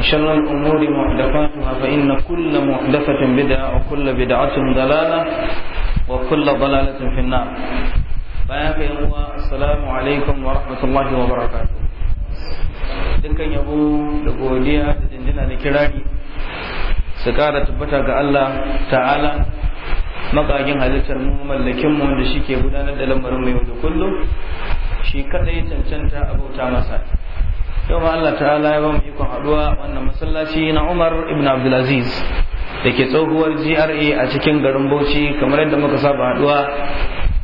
وشر الأمور محدثاتها فإن كل محدثة بدعة وكل بدعة ضلالة وكل ضلالة في النار بارك الله السلام عليكم ورحمة الله وبركاته dukkan yabo da godiya da jinjina da kirari su kara tabbata ga Allah ta'ala magagin halittar mu mallakin mu da wanda ke gudanar da lamarin mu yau da kullum shi kadai cancanta a bauta masa yau ma Allah ta'ala ya ba mu ikon haduwa wannan masallaci na Umar ibn Abdulaziz da ke tsohuwar GRA a cikin garin Bauchi kamar yadda muka saba haduwa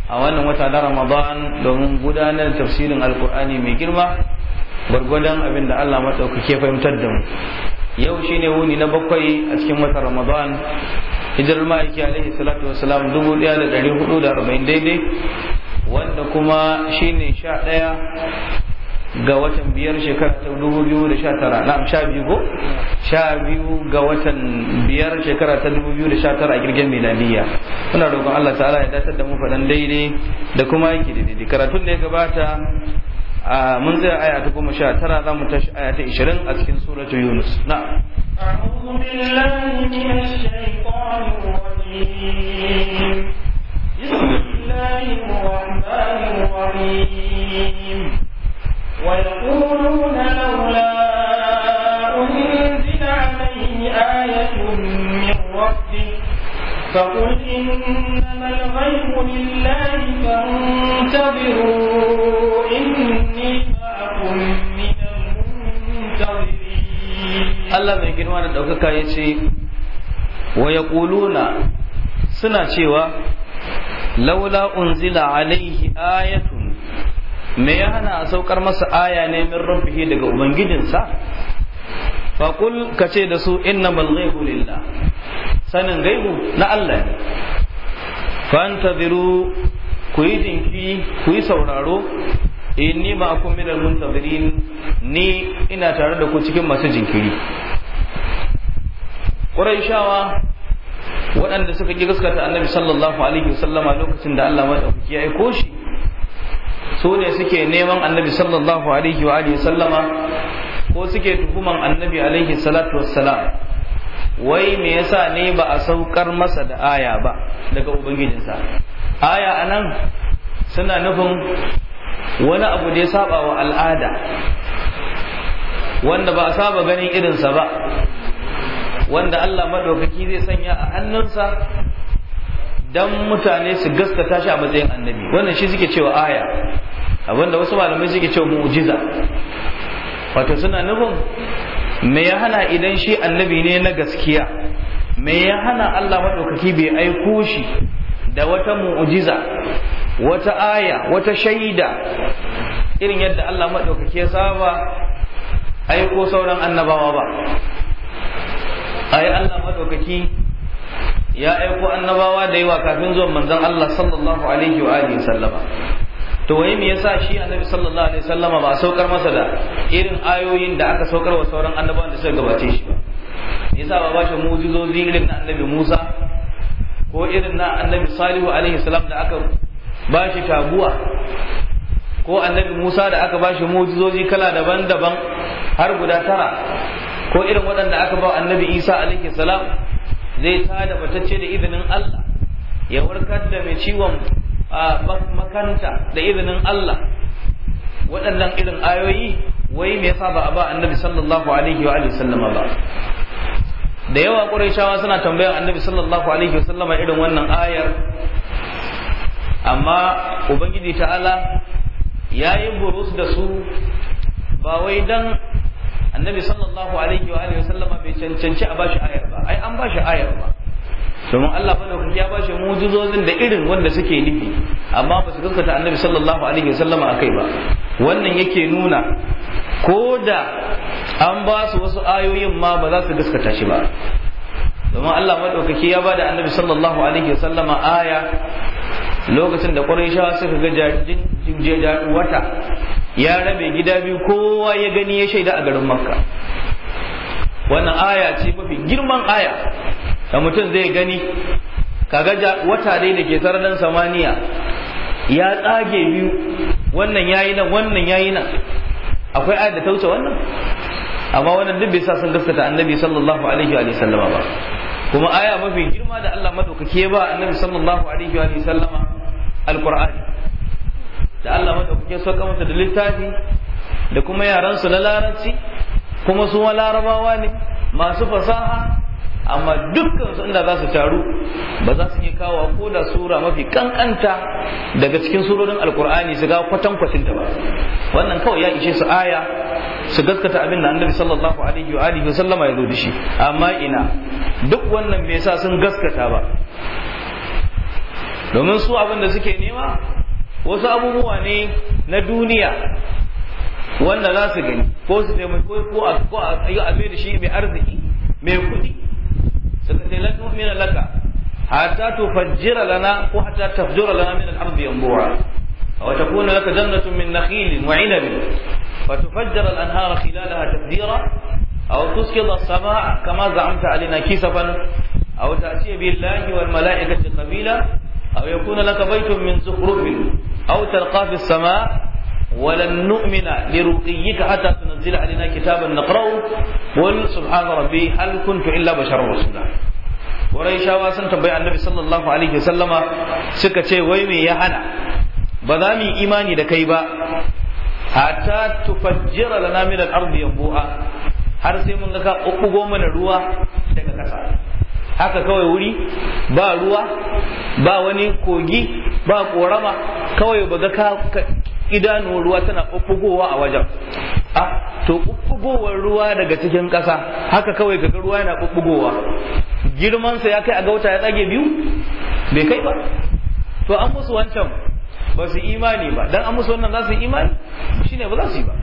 a wannan wata na Ramadan domin gudanar tafsirin Alkur'ani mai girma gwargwadon abin da Allah maɗaukake fahimtar da mu yau shine wuni na bakwai a cikin wata Ramadan hijirar ma'aiki alaihi salatu wasalam dubu ɗaya da ɗari hudu da arba'in daidai wanda kuma shine sha ɗaya ga watan biyar shekara ta dubu biyu da sha tara na sha biyu ko sha biyu ga watan biyar shekara ta dubu biyu da sha tara a girgin miladiyya muna roƙon Allah ta'ala ya datar da mu faɗan daidai da kuma yake daidai karatun da ya gabata mun tsaya aya ta goma sha tara za mu tashi aya ta ishirin a cikin suratul yunus na أعوذ بالله من الشيطان الرجيم بسم الله الرحمن الرحيم ويقولون لولا أنزل عليه آية من ربه فقل إنما الغيب لله فانتظروا إني معكم Allah mai girma da ɗaukaka ya ce, wa ya suna cewa, laula unzila alaihi ayatu me ya hana a saukar masa aya ne min rabbihi daga ubangijinsa faƙul ka ce da su inna malghaibu lillah sanin gaibu na Allah ne fantaziru ku yi jinki ku yi sauraro inni ma'akum minal muntazirin ni ina tare da ku cikin masu jinkiri Quraishawa waɗanda suka ƙi gaskata annabi sallallahu alaihi wasallama lokacin da Allah maɗaukaki ya aiko shi su ne suke neman annabi sallallahu alaihi wa alihi sallama ko suke tuhuman annabi alaihi salatu wassalam wai me yasa ne ba a saukar masa da aya ba daga ubangijinsa aya anan suna nufin wani abu da ya saba wa al'ada wanda ba a saba ganin irinsa ba wanda Allah madaukaki zai sanya a hannunsa dan mutane su gaskata tashi a matsayin annabi wannan shi suke cewa aya abinda wasu malamai suke cewa mu'jiza wato suna nufin me ya hana idan shi annabi ne na gaskiya me ya hana Allah maɗaukaki bai aiko shi da wata mu'jiza wata aya wata shaida irin yadda Allah maɗaukaki ya saba aiko sauran annabawa ba ai Allah maɗaukaki ya aiko annabawa da yawa kafin zuwan manzon Allah sallallahu alaihi wa alihi sallama to wai me yasa shi annabi sallallahu alaihi sallama ba saukar masa da irin ayoyin da aka saukar wa sauran annabawan da suka gabace shi ba yasa ba bashi mu'jizozi irin na annabi Musa ko irin na annabi Salihu alaihi salam da aka bashi taguwa ko annabi Musa da aka bashi mu'jizozi kala daban-daban har guda tara ko irin waɗanda aka ba annabi Isa alaihi salam zai tada ce da izinin Allah ya warkar da mai ciwon makanta da izinin Allah waɗannan irin ayoyi wai me yasa ba a ba annabi sallallahu alaihi wa alihi sallama ba da yawa shawa suna tambayar annabi sallallahu alaihi wa sallama irin wannan ayar amma ubangiji ta'ala ya yi burus da su ba wai dan annabi sallallahu alaihi wa alihi sallama bai cancanci a bashi ayar ba ai an bashi ayar ba domin Allah bane ya bashi mujizozin da irin wanda suke nufi amma ba su gaskata annabi sallallahu alaihi wa sallama akai ba wannan yake nuna ko da an ba su wasu ayoyin ma ba za su gaskata shi ba domin Allah maɗaukaki ya ba da annabi sallallahu alaihi sallama aya lokacin da ƙwarai suka ga wata ya rabe gida biyu kowa ya gani ya shaida a garin makka wannan aya ce mafi girman aya da mutum zai gani kaga wata dai da ke sararin samaniya ya tsage biyu wannan yayi nan wannan yayi nan akwai ayar da ta wuce wannan amma wannan duk bai sa sun gaskata annabi sallallahu alaihi wa sallama ba kuma aya mafi girma da Allah madaukake ba annabi sallallahu alaihi wa sallama alqur'ani da Allah madaukakin sauka mata da littafi da kuma su na larabci kuma su ma larabawa ne masu fasaha amma dukkan su inda za su taru ba za su iya kawo ko da sura mafi kankanta daga cikin surorin alkur'ani su ga kwatan kwatin ta ba wannan kawai ya ishe su aya su gaskata abin da annabi sallallahu alaihi wa alihi sallama ya zo da shi amma ina duk wannan me yasa sun gaskata ba domin su abin da suke nema wasu abubuwa ne na duniya wanda za su gani ko su taimako ko a ko a tsayo a da shi mai arziki mai kuɗi suka ce lan nu'mina laka hatta tufajjira lana ko hatta tafjura lana min al-ardi yanbura wa takuna laka jannatun min nakhilin wa 'inabin tufajjira al-anhar khilalaha tafjira aw تفجيرا as-samaa kama za'amta زعمت kisafan aw أو billahi wal mala'ikati qabila aw yakuna laka baytun min zukhrufin aw talqa fi sama ولن نؤمن لرقيك حتى تنزل علينا كتابا نقرأه قل سبحان ربي هل كنت إلا بشرا رسولا Qurayshawa sun tambayi Annabi sallallahu alaihi wasallama suka ce wai mai ya hana ba za mu imani da kai ba Hata tufajjira lana min al-ardi yanbu'a har sai mun ga ka mana ruwa daga ƙasa. haka kawai wuri ba ruwa ba wani kogi ba korama kawai ba ga idanuwar ruwa tana ɓuɓɓugowa a wajen a to ɓuɓɓugowar ruwa daga cikin ƙasa haka kawai ga ruwa yana ɓuɓɓugowa girmansa ya kai a gauta ya tsage biyu bai kai ba to an musu wancan ba su imani ba dan an musu wannan za su imani shine ba za su yi ba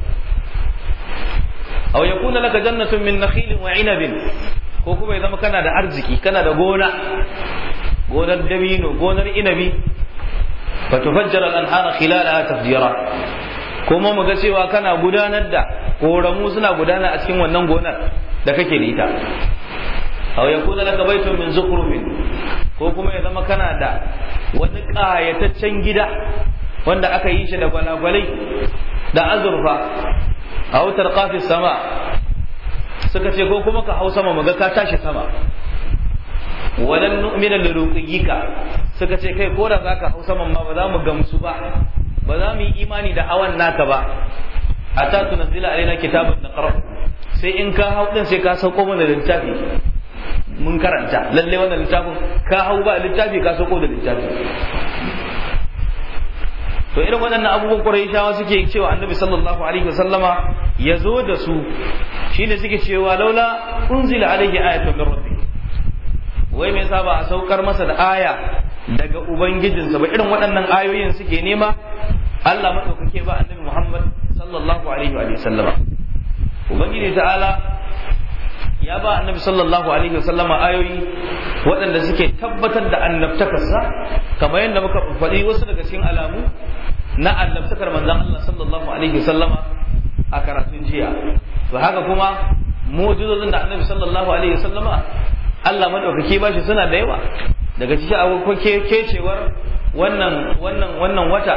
aw yakuna laka jannatun min nakhilin wa inabin ko kuma ya zama kana da arziki kana da gona gonar dabino gonar inabi fa tufajjara al-anhara khilalaha tafjira kuma mu ga cewa kana gudanar da koramu suna gudana a cikin wannan gonar da kake da ita aw yakuna laka baytun min zukhrufin ko kuma ya zama kana da wani ƙayataccen gida wanda aka yi shi da gwalagwalai da azurfa aw tarqa sama suka ce ko kuma ka hau sama mu ga ka tashi sama walam nu'mina ruqiyika suka ce kai ko da zaka hau sama ma ba za mu gamsu ba ba za mu yi imani da awan naka ba ata tunzila alaina kitabun naqra sai in ka hau din sai ka sauko mana littafi mun karanta lalle wannan littafin ka hau ba littafi ka sauko da littafi to irin waɗannan abubuwan ƙurayshawa suke cewa annabi sallallahu alaihi wasallama ya zo da su shine suke cewa laula unzila alaihi ayatun min rabbi wai me yasa ba a saukar masa da aya daga ubangijinsa ba irin waɗannan ayoyin suke nema Allah madaukake ba annabi Muhammad sallallahu alaihi wa sallama ubangiji ta'ala ya ba annabi sallallahu alaihi wasallam ayoyi waɗanda suke tabbatar da annabtakarsa kamar yadda muka faɗi wasu daga cikin alamu na annabtakar manzon Allah sallallahu alaihi wasallam a karatun jiya to haka kuma mu'jizozin da annabi sallallahu alaihi wasallam Allah madaukaki bashi suna da yawa daga ciki akwai kecewar wannan wannan wannan wata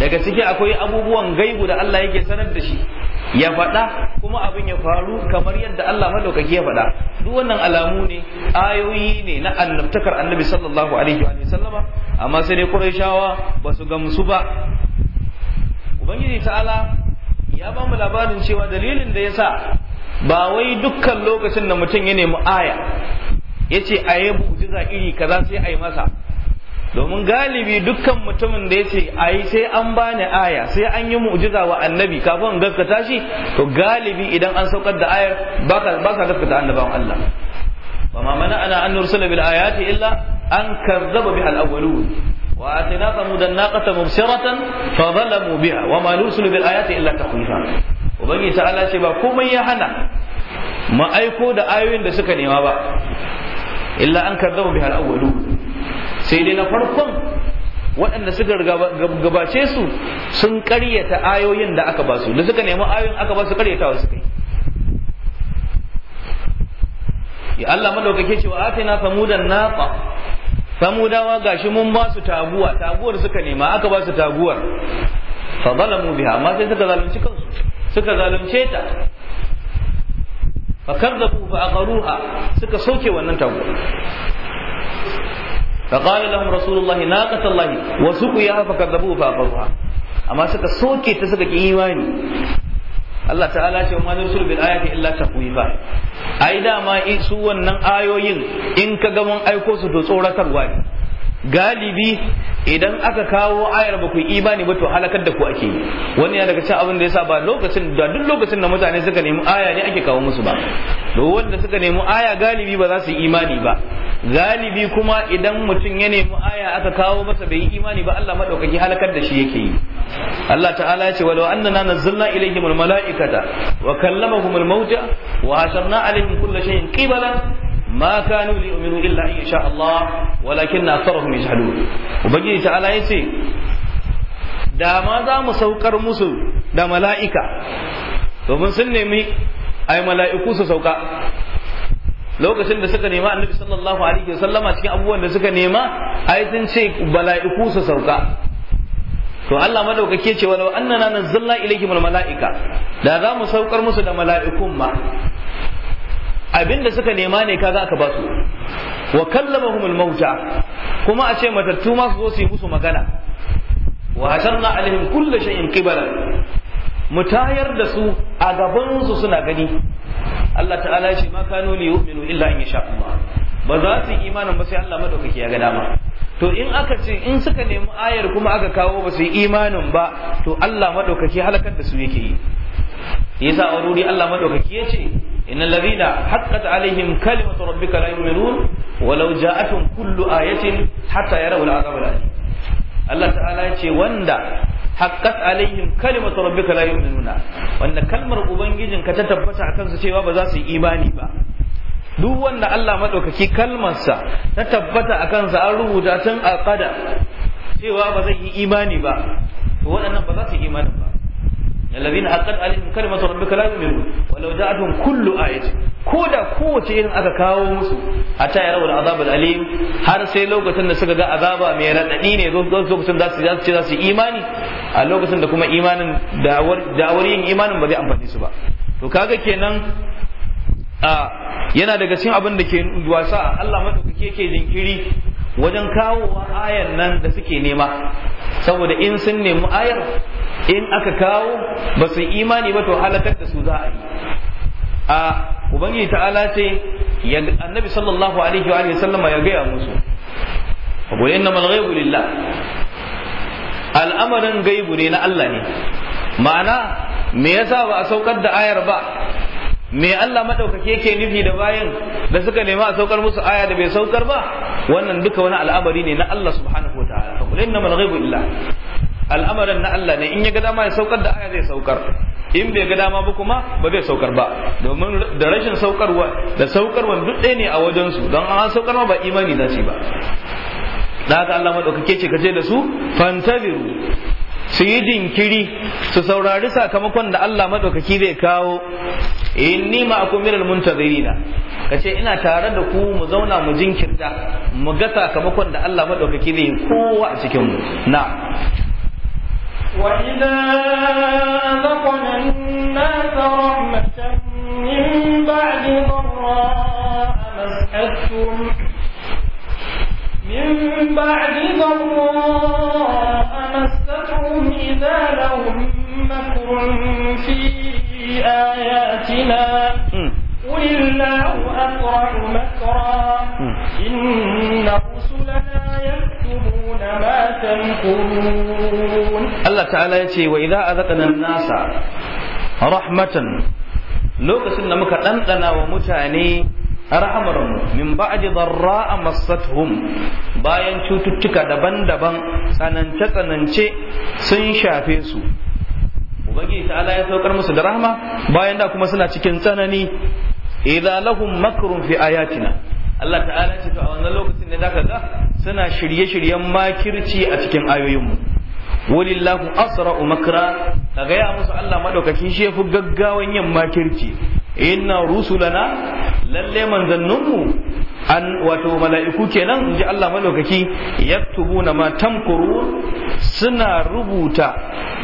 daga ciki akwai abubuwan gaibu da Allah yake sanar da shi ya faɗa kuma abin ya faru kamar yadda Allah madaukaki ya faɗa duk wannan alamu ne ayoyi ne na annabtakar annabi sallallahu alaihi wa sallama amma sai dai Qurayshawa ba su gamsu ba ubangiji ta'ala ya ba mu labarin cewa dalilin da yasa ba wai dukkan lokacin da mutum ya nemi aya yace ayi mu'jiza iri kaza sai ayi masa domin galibi dukkan mutumin da ya ce ayi sai an bani aya sai an yi mu'jiza wa annabi kafin gaskata shi to galibi idan an saukar da ayar ba sa gaskata annabawan Allah wa ma mana ana an nursala bil ayati illa an kazzaba bihal awwalun wa atina samudan naqata mubsiratan fa zalamu biha wa ma nursala bil ayati illa takhwifa ubangiji ta Allah ce ba komai ya hana ma aiko da ayoyin da suka nema ba illa an kazzaba bihal awwalun sai dai na farkon waɗanda suka gabace su sun ƙaryata ayoyin da aka ba su da suka nemi ayoyin aka ba su ƙaryatawa wasu yi ya Allah madaukake cewa atina samudan naqa samudawa gashi mun ba su taguwa taguwar suka nema aka ba su taguwar fa zalamu biha amma sai suka zalunci kansu suka zalunce ta fa kadzabu fa aqaruha suka soke wannan taguwar فقال لهم رسول الله ناقة الله وسقياها فكذبوه فأقروها أما سكا سوكي تسكا إيماني Allah ta'ala ce ma nursul bil ayati illa tafwifa ai ma su wannan ayoyin in ka ga mun aiko su to tsoratarwa ne galibi idan aka kawo ayar ba ku imani ba to halakar da ku ake yi wani ya daga cikin abin da yasa ba lokacin da duk lokacin da mutane suka nemi aya ne ake kawo musu ba to wanda suka nemi aya galibi ba za su yi imani ba galibi kuma idan mutum ya nemi aya aka kawo masa bai yi imani ba Allah madaukaki halakar da shi yake yi Allah ta'ala ya ce walau annana nazzalna ilayhim almalaikata wa kallamahum almauta wa hasharna alaihim kulla shay'in qibala ma kanu liyu'minu illa in sha Allah walakin aktharuhum yajhalun ubangiji ta'ala ya ce da ma za mu saukar musu da mala'ika domin sun nemi ai mala'iku su sauka lokacin da suka nema annabi sallallahu alaihi wasallama cikin abubuwan da suka nema ai sun ce bala'iku su sauka to Allah madaukake ce walau annana nazzalna ilaihimul mala'ika da za mu saukar musu da mala'ikun ma da suka nema ne kaga aka ba su wa kallamahumul mauta kuma a ce matattu ma su zo su yi musu magana wa hasharna alaihim kullu shay'in qibala mu tayar da su a gabansu suna gani Allah ta'ala ya ce ma kanu li yu'minu illa in yasha Allah ba za su imanin ba sai Allah madaukaki ya ga dama to in aka ce in suka nemi ayar kuma aka kawo ba su imanin ba to Allah madaukaki halakar da su yake yi yasa a wuri Allah madaukaki ya ce innal ladina haqqat alaihim kalimatu rabbika la yu'minun walau ja'atuhum kullu ayatin hatta yarawul azab alim Allah ta'ala ya ce wanda haqqat alaihim kalimatu rabbika la yu'minuna wanda kalmar ubangijin ka ta tabbata akan su cewa ba za su yi imani ba duk wanda Allah madaukaki kalmarsa ta tabbata akan sa an rubuta tun a qada cewa ba zai yi imani ba to waɗannan ba za su yi imani ba alladhina haqqat alaihim kalimatu rabbika la yu'minuna walau ja'atuhum kullu ayatin ko da kowace irin aka kawo musu a ta yara wani alim har sai lokacin da suka ga azaba mai raɗaɗi ne lokacin da su ce za su imani a lokacin da kuma imanin da'awar yin imanin ba zai amfani su ba to kaga kenan a yana daga cikin abin da ke wasa Allah madaukake yake jinkiri wajen kawo ayar nan da suke nema saboda in sun nemi ayar in aka kawo ba su imani ba to halakar da su za a yi a ubangiji ta'ala ce annabi sallallahu alaihi wa alihi sallama ya gaya musu fa qul innamal ghaibu lillah al'amarin gaibu ne na Allah ne ma'ana me yasa ba a saukar da ayar ba me Allah madaukake yake nufi da bayan da suka nema a saukar musu aya da bai saukar ba wannan duka wani al'amari ne na Allah subhanahu wa ta'ala fa qul innamal ghaibu lillah al'amarin na Allah ne in ya ga dama ya saukar da aya zai saukar in bai ga dama ba kuma ba zai saukar ba domin da rashin saukarwa da saukarwa duk ɗaya ne a wajen su don an saukar ma ba imani na ba da haka Allah madaukake ce kace da su fantabiru su yi jinkiri su saurari sakamakon da Allah maɗaukaki zai kawo inni ma'akum minal muntazirina kace ina tare da ku mu zauna mu jinkirta mu ga sakamakon da Allah maɗaukaki zai kowa a cikin mu na وإذا أذقنا الناس رحمة من بعد ضراء مسأتهم من بعد ضراء مستهم إذا لهم مكر في آياتنا قل الله أسرع مكرا إن رسلنا يكتبون Allah ta'ala ya ce wa idza azaqna nasa rahmatan lokacin da muka dandana wa mutane mu min ba'di darra'a massatuhum bayan cututtuka daban-daban tsanance-tsanance sun shafe su ubangiji ta'ala ya saukar musu da rahama bayan da kuma suna cikin tsanani idza lahum makrun fi ayatina Allah ta'ala ce to a wannan lokacin ne zaka ga suna shirye-shiryen makirci a cikin ayoyin ayoyinmu walillahu asra'u makra ka gaya musu Allah madaukakin shi yafi gaggawan yin makirci inna rusulana lalle manzanninmu an wato mala'iku kenan in ji Allah madaukaki yaktubuna ma tamkurun suna rubuta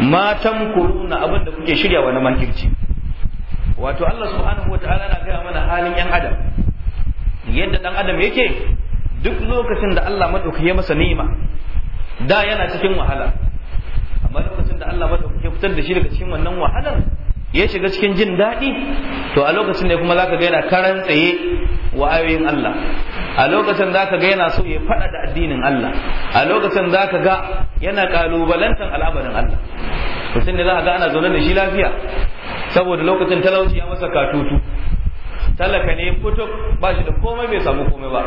ma tamkuruna abin da kuke shirya wa na makirci wato Allah subhanahu wataala na gaya mana halin yan adam yadda dan adam yake duk lokacin da Allah madauki ya masa ni'ima da yana cikin wahala amma lokacin da Allah madauki ya fitar da shi daga cikin wannan wahalar ya shiga cikin jin daɗi to a lokacin ne kuma zaka ga yana karan tsaye wa Allah a lokacin zaka ga yana so ya faɗa da addinin Allah a lokacin zaka ga yana kalubalantan al'amarin Allah mutum ne za ga ana zaune da shi lafiya saboda lokacin talauci ya masa katutu talaka ne fito ba shi da komai bai samu komai ba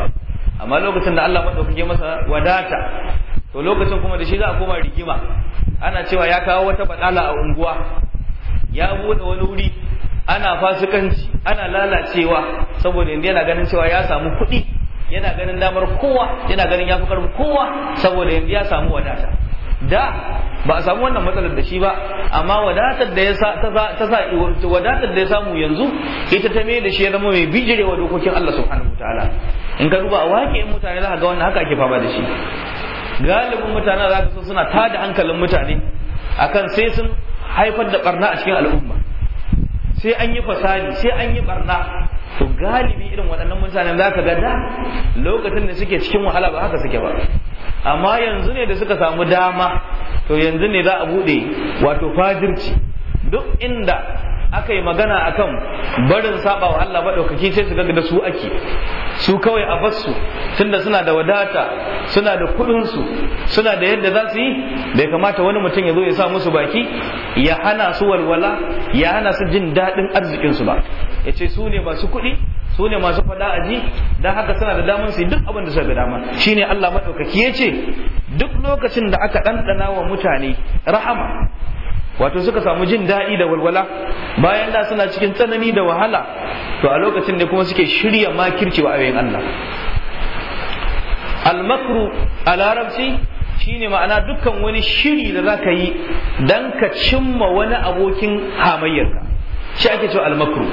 amma lokacin da Allah madaukake masa wadata to lokacin kuma da shi za a koma rigima ana cewa ya kawo wata badala a unguwa ya bude wani wuri ana fasikanci ana lalacewa saboda inda yana ganin cewa ya samu kuɗi yana ganin damar kowa yana ganin ya fi kowa saboda yanzu ya samu wadata da ba a samu wannan matsalar da shi ba amma wadatar da ya ta sa wadatar da ya samu yanzu ita ta mai da shi ya zama mai bijirewa dokokin Allah subhanahu ta'ala in ka duba a wake mutane za ka ga wannan haka ake fama da shi galibin mutane za ka so suna tada hankalin mutane akan sai sun haifar da barna a cikin al'umma sai an yi fasadi sai an yi barna to galibi irin waɗannan mutanen za ka ga da lokacin da suke cikin wahala ba haka suke ba amma yanzu ne da suka samu dama to yanzu ne za a buɗe wato fajirci duk inda aka yi magana akan barin saba wa Allah maɗaukaki sai su ga da su ake su kawai a bassu tunda suna da wadata suna da kuɗinsu suna da yadda za su yi da kamata wani mutum ya zo ya sa musu baki ya hana su walwala ya hana su jin daɗin arzikinsu ba ya ce su ne masu kuɗi su ne masu fada aji don haka suna da damar su duk abin da suka ga dama shine Allah maɗaukaki ya ce duk lokacin da aka ɗanɗana wa mutane rahama wato suka samu jin daɗi da walwala bayan da suna cikin tsanani da wahala to a lokacin ne kuma suke shirya makirci wa ayoyin Allah almakru a larabci shine ma'ana dukkan wani shiri da za ka yi don ka cimma wani abokin hamayyarka shi ake cewa almakru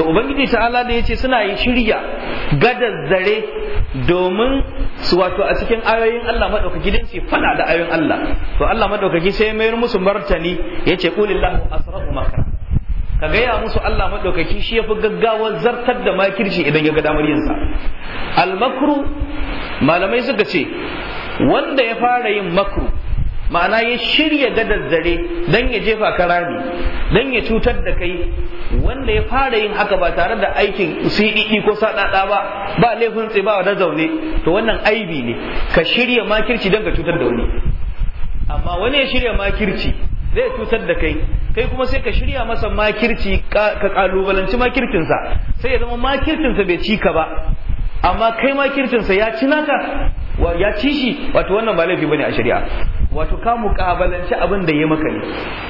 to ubangiji ta'ala da yace suna yi shirya gadar zare domin su wato a cikin ayoyin Allah madaukaki din su fada da ayoyin Allah to Allah madaukaki sai mayar musu martani yace qulillahu asrafu makra ka gaya musu Allah maɗaukaki shi yafi gaggawar zartar da makirci idan ya ga damar yinsa almakru malamai suka ce wanda ya fara yin makru ma'ana ya shirya gadar daddare don ya jefa ka rami don ya cutar da kai wanda ya fara yin haka ba tare da aikin siɗiɗi e e ko saɗaɗa ba ba laifin tsibawa da zaune to wannan aibi ne ka shirya makirci don ka cutar da wani amma wani ya shirya makirci zai cutar da kai kai kuma sai ka shirya masa makirci ka kalubalanci makircinsa sai ya zama makircinsa bai cika ba amma kai ma kirtinsa ya ci naka ya ci shi wato wannan ba laifi bane a shari'a wato ka muƙabalanci abin da ya maka ne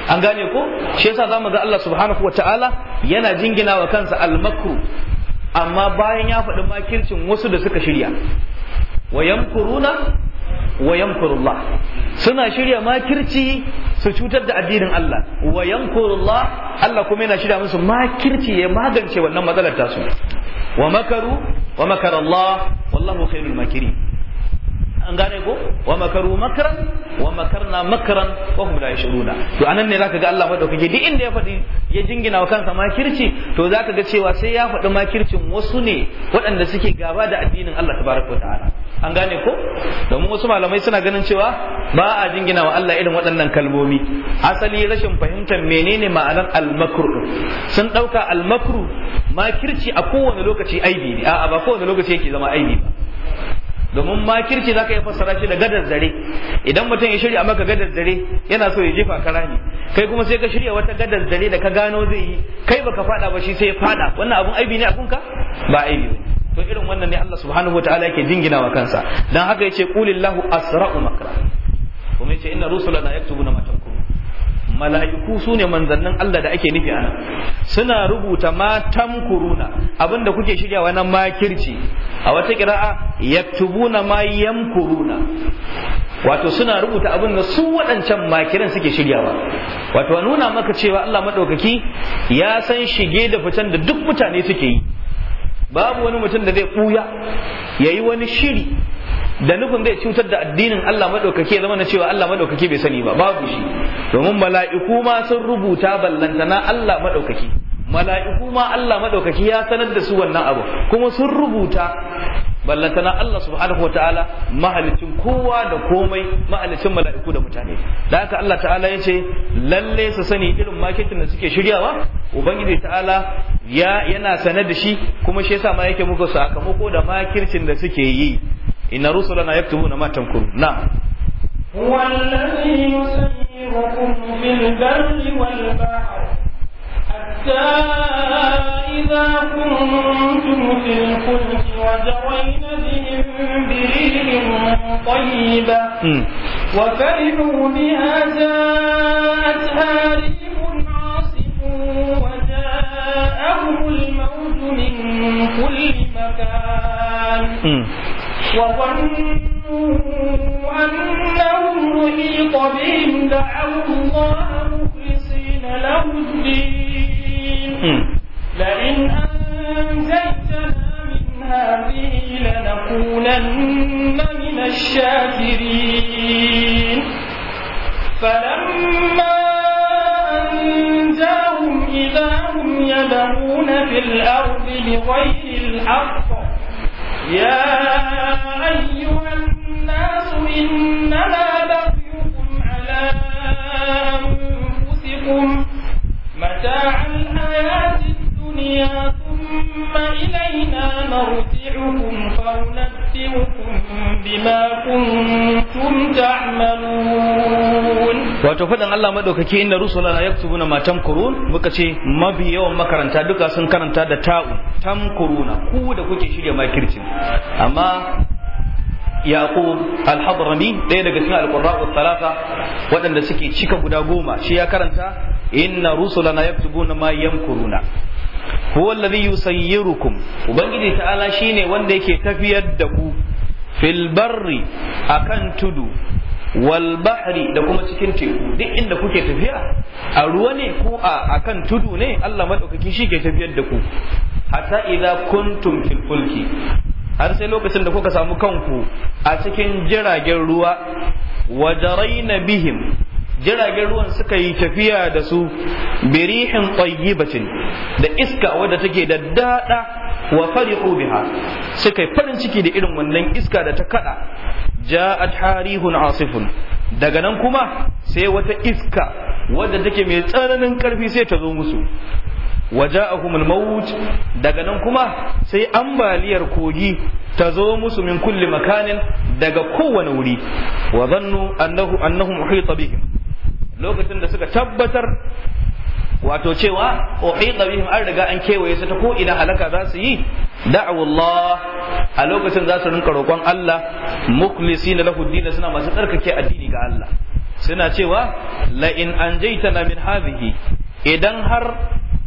an gane ko shi yasa zamu ga Allah subhanahu wataala yana jingina wa kansa almakru amma bayan ya faɗi makircin wasu da suka shirya wa yamkuruna wa yamkurullah suna shirya makirci su cutar da addinin Allah wa yamkurullah Allah kuma yana shirya musu makirci ya magance wannan matsalar tasu wa makaru ومكر الله والله خير الماكرين an gane ko wa makaru makran wa makarna makran wa hum la yashuruna to anan ne zaka ga Allah madaukake duk inda ya faɗi ya jingina wa kansa makirci to zaka ga cewa sai ya faɗi makircin wasu ne waɗanda suke gaba da addinin Allah tabaraka ta'ala an gane ko domin wasu malamai suna ganin cewa ba a jingina wa Allah irin waɗannan kalmomi asali rashin fahimtar menene ma'anar al-makru sun ɗauka al-makru makirci a kowane lokaci aibi ne a'a ba kowane lokaci yake zama aibi ba domin makirci zaka iya fassara shi da gadar zare idan mutum ya shirya maka gadar zare yana so ya jefa kara ne kai kuma sai ka shirya wata gadar zare da ka gano zai yi kai baka fada ba shi sai ya fada wannan abun aibi ne abunka? ba aibi ne to irin wannan ne Allah subhanahu wataala yake jingina wa kansa dan haka yace qulillahu asra'u makra kuma yace inna rusulana yaktubuna ma mala'iku su ne manzannin Allah da ake nufi anan suna rubuta matan kuruna abinda kuke shirya na makirci a wata kira'a yaktubuna ma kuruna. wato suna rubuta abin da su waɗancan makiran suke shiryawa wato nuna maka cewa Allah maɗaukaki ya san shige da fitan da duk mutane suke yi babu wani mutum da zai ɓuya ya yi wani shiri da nufin zai cutar da addinin Allah maɗaukaki zama na cewa Allah maɗaukaki bai sani ba babu shi domin mala'iku ma sun rubuta ballantana Allah maɗaukaki mala'iku ma Allah maɗaukaki ya sanar da su wannan abu kuma sun rubuta ballantana Allah subhanahu wataala mahalicin kowa da komai mahalicin mala'iku da mutane da haka Allah ta'ala ya ce lalle su sani irin makitin da suke shiryawa ubangiji ta'ala ya yana sanar da shi kuma shi yasa ma yake muku sakamako da makircin da suke yi إن رسلنا يكتبون ما تنكرون نعم هو الذي يسيركم في البر والبحر حتى إذا كنتم في الفلك وجرين بهم بريح طيبة وفرحوا بها جاءتها ريح عاصف وجاءهم الموت من كل مكان وظنوا أنهم أحيط بهم دعوا الله مخلصين له الدين لئن أنزلتنا من هذه لنكونن من الشاكرين فلما أنزاهم إذا هم يدعون في الأرض بغير الحق يا أيها الناس إنما بغيكم على أنفسكم متاع الحياة الدنيا ثم إلينا مرجعكم فننبئكم بما كنتم تعملون wato faɗin Allah maɗaukaki inda rusula la yaktubuna ma tamkurun muka ce mafi yawan makaranta duka sun karanta da ta'u tamkuruna ku da kuke shirya makircin amma yaqub al-hadrami ɗaya daga cikin al-qurra'u thalatha waɗanda suke cika guda goma shi ya karanta inna rusulana yaktubuna ma yamkuruna huwa alladhi yusayyirukum ubangiji ta'ala shine wanda yake tafiyar da ku fil barri akan tudu wal bahri da kuma cikin teku duk inda kuke tafiya a ruwa ne ko a akan tudu ne Allah madaukaki shi ke tafiyar da ku hatta idza kuntum fil fulki har sai lokacin da kuka samu kanku a cikin jiragen ruwa na bihim jiragen ruwan suka yi tafiya da su birihin tsayyibacin da iska wadda take da daɗa wa farihu biha suka farin ciki da irin wannan iska da ta kada ja'at harihun asifun daga nan kuma sai wata iska wadda take mai tsananin karfi sai ta zo musu وجاءهم maut daga nan kuma sai ambaliyar kogi ta zo musu min kulli makanin daga kowane wuri wa zannu annahu annahum uhita bihim lokacin da suka tabbatar wato cewa uhita bihim an riga an kewaye su ta ko ina halaka za su yi da'awullah a lokacin za su rinka roƙon Allah mukhlisina lahu dinna suna masu tsarkake addini ga Allah suna cewa la in anjaytana min hadhihi idan har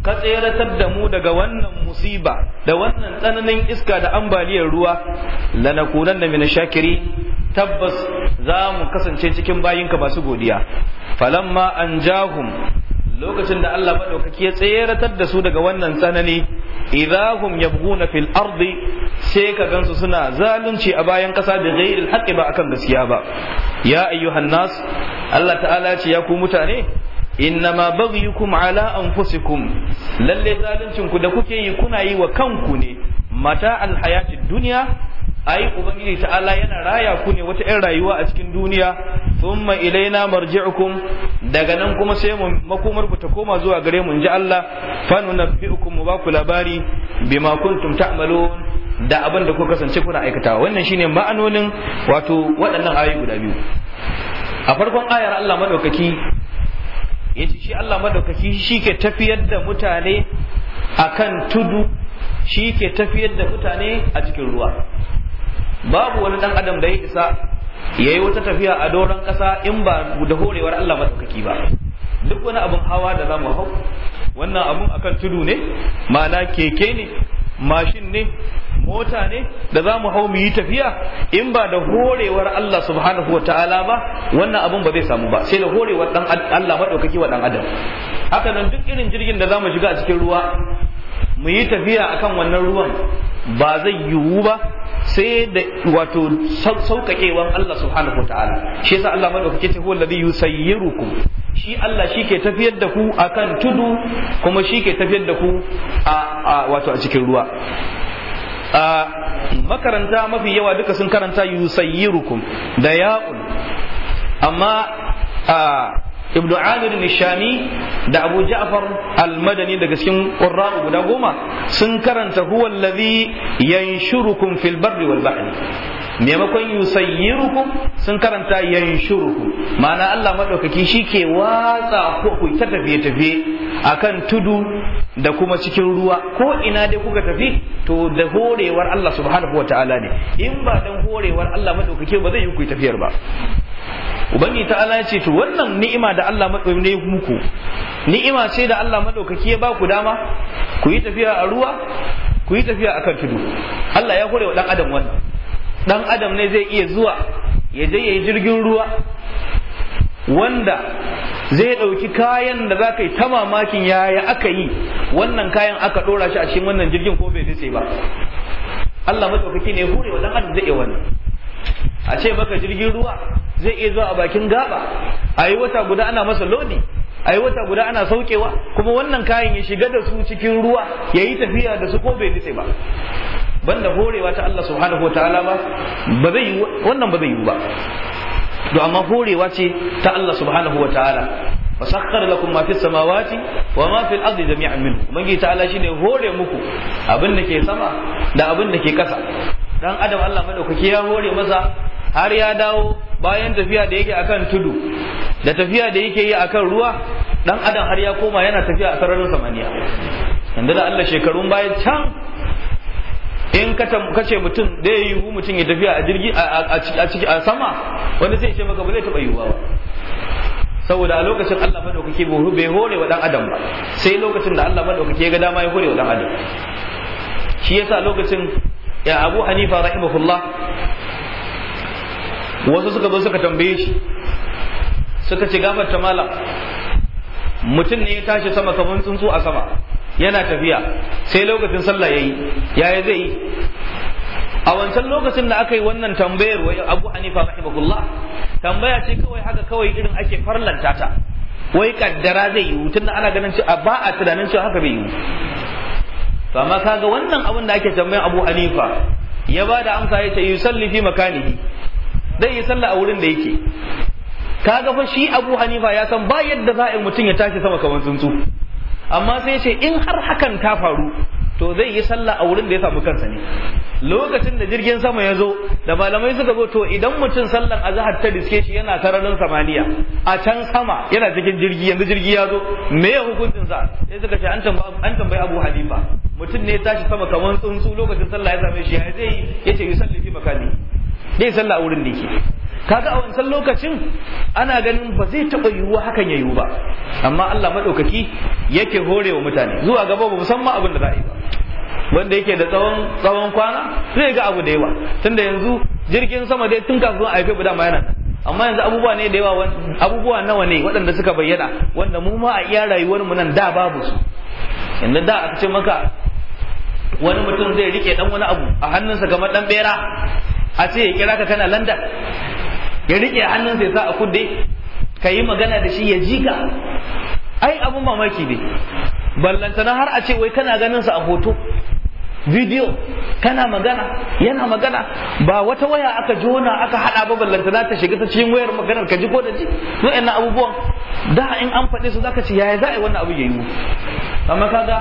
ka tseratar da mu daga wannan musiba da wannan tsananin iska da ambaliyar ruwa lanakunan da min shakiri tabbas za mu kasance cikin bayinka masu godiya falamma anjahum lokacin da Allah maɗaukaki ya tseratar da su daga wannan tsanani idahum yabghuna fil ardi sai ka gansu suna zalunci a bayan ƙasa da ghairil haqqi ba akan gaskiya ba ya ayyuhan nas Allah ta'ala ce ya ku mutane innama baghiyukum ala anfusikum lalle zaluncin ku da kuke yi kuna yi wa kanku ne mata alhayatid dunya ai ubangiji ta'ala yana raya ku ne wata 'yan rayuwa a cikin duniya thumma ilaina marji'ukum daga nan kuma sai mu makomar ku ta koma zuwa gare mu inji Allah fa nunabbi'ukum mu ba labari bima kuntum ta'malun da abin da kuka kasance kuna aikatawa wannan shine ma'anonin wato waɗannan ayoyi guda biyu a farkon ayar Allah madaukaki yace shi Allah madaukaki shi ke tafiyar da mutane akan tudu shi ke tafiyar da mutane a cikin ruwa babu wani dan adam da ya isa yayi wata tafiya a doron kasa in ba da horewar Allah madaukaki ba duk wani abun hawa da zamu hau wannan abun akan tudu ne ma'ana keke ne mashin ne mota ne da za mu hau mu yi tafiya in ba da horewar Allah subhanahu wa ta'ala ba wannan abun ba zai samu ba sai da horewar dan Allah maɗaukaki wa dan adam haka nan duk irin jirgin da za mu shiga a cikin ruwa mu yi tafiya akan wannan ruwan ba zai yiwu ba sai da wato sauƙaƙewan Allah subhanahu wa ta'ala shi yasa Allah madaukake ce huwa alladhi yusayyirukum shi Allah shi ke tafiyar da ku akan tudu kuma shi ke tafiyar da ku a wato a cikin ruwa makaranta mafi yawa duka sun karanta yusayyirukum da ya'un amma Ibnu amir nishami da abu ja'far al-madani daga cikin ƙurra'u guda goma sun karanta huwa allazi yanshurukum fil barri wal maimakon yusayyirukum sun karanta yanshurukum ma'ana Allah madaukaki shike watsa ko ku ta tafiye tafiye akan tudu da kuma cikin ruwa ko ina dai kuka tafi to da horewar Allah subhanahu wataala ne in ba dan horewar Allah madaukaki ba zai yi ku tafiyar ba ubangi ta Allah ya ce to wannan ni'ima da Allah ne ya muku ni'ima ce da Allah madaukaki ya ba ku dama ku yi tafiya a ruwa ku yi tafiya kan tudu Allah ya kore wa dan adam wannan dan adam ne zai iya zuwa ya je yi jirgin ruwa wanda zai ɗauki kayan da za ka yi ta mamakin yaya aka yi wannan kayan aka ɗora shi a cikin wannan jirgin ko bai dutse ba Allah maɗaukaki ne ya hure wa ɗan adam zai iya wannan a ce maka jirgin ruwa zai iya zuwa a bakin gaba a yi wata guda ana masa lodi a yi wata guda ana saukewa kuma wannan kayan ya shiga da su cikin ruwa ya yi tafiya da su ko bai nitse ba banda horewa ta Allah subhanahu wataala ba ba wannan ba zai yi ba to amma horewa ce ta Allah subhanahu wataala fasakhkhara lakum ma fis samawati wa ma fil ardi jami'an minhu ubangiji ta'ala shine hore muku abin ke sama da abinda ke kasa dan adam Allah maɗaukaki ya hore masa har ya dawo bayan tafiya da yake akan tudu da tafiya da yake yi akan ruwa dan adam har ya koma yana tafiya a sararin samaniya yanzu da Allah shekarun bayan can in ka ce mutum da ya yi mutum ya tafiya a jirgi a sama wanda sai ce maka ba zai taɓa yiwuwa ba saboda a lokacin Allah madaukake bai hore wa dan adam ba sai lokacin da Allah ya ga dama ya hore wa dan adam shi yasa lokacin ya Abu Hanifa rahimahullah wasu suka zo suka tambaye shi suka ce gafar ta malam mutum ne ya tashi sama kamar tsuntsu a sama yana tafiya sai lokacin sallah yayi yaya zai yi a wancan lokacin da aka yi wannan tambayar wai Abu Hanifa rahimahullah tambaya ce kawai haka kawai irin ake farlanta ta wai kaddara zai yi tunda ana ganin cewa ba a tunanin cewa haka bai yi to amma kaga wannan abin da ake tambayan Abu Hanifa ya ba da amsa ya ce yusalli fi makanihi zai yi sallah a wurin da yake kaga fa shi Abu Hanifa ya san ba yadda za a mutum ya tashi sama kamar tsuntsu amma sai ya ce in har hakan ta faru to zai yi sallah a wurin da ya samu kansa ne lokacin da jirgin sama ya zo da malamai suka zo to idan mutum sallar azhar ta diske shi yana sararin samaniya a can sama yana cikin jirgi yanzu jirgi ya zo me ya hukuncin sa sai suka ce an tambayi Abu Hanifa mutum ne ya tashi sama kamar tsuntsu lokacin sallah ya same shi ya zai yi, yace yi fi makani dai sallah wurin da yake kaga a wancan lokacin ana ganin ba zai taɓa yiwuwa hakan ya yiwu ba amma Allah maɗaukaki yake horewa mutane zuwa gaba ba musamman abin da za a yi ba wanda yake da tsawon tsawon kwana zai ga abu da yawa tunda yanzu jirgin sama dai tun kafin a haife guda ma yana amma yanzu abubuwa ne da yawa abubuwa nawa ne waɗanda suka bayyana wanda mu ma a iya rayuwar mu nan da babu su inda da aka ce maka wani mutum zai rike dan wani abu a hannunsa kamar dan bera a ce ya kira ka kana landa ya rike hannun ya sa a kudde ka yi magana da shi ya ji ka ai abun mamaki ne ballantana har a ce wai kana ganin sa a hoto bidiyo kana magana yana magana ba wata waya aka jona aka hada ba ballantana ta shiga ta cikin wayar maganar ka ji ko da ji wa'annan abubuwan da in an faɗe su zaka ce yaya za a yi wannan abu ya amma kaga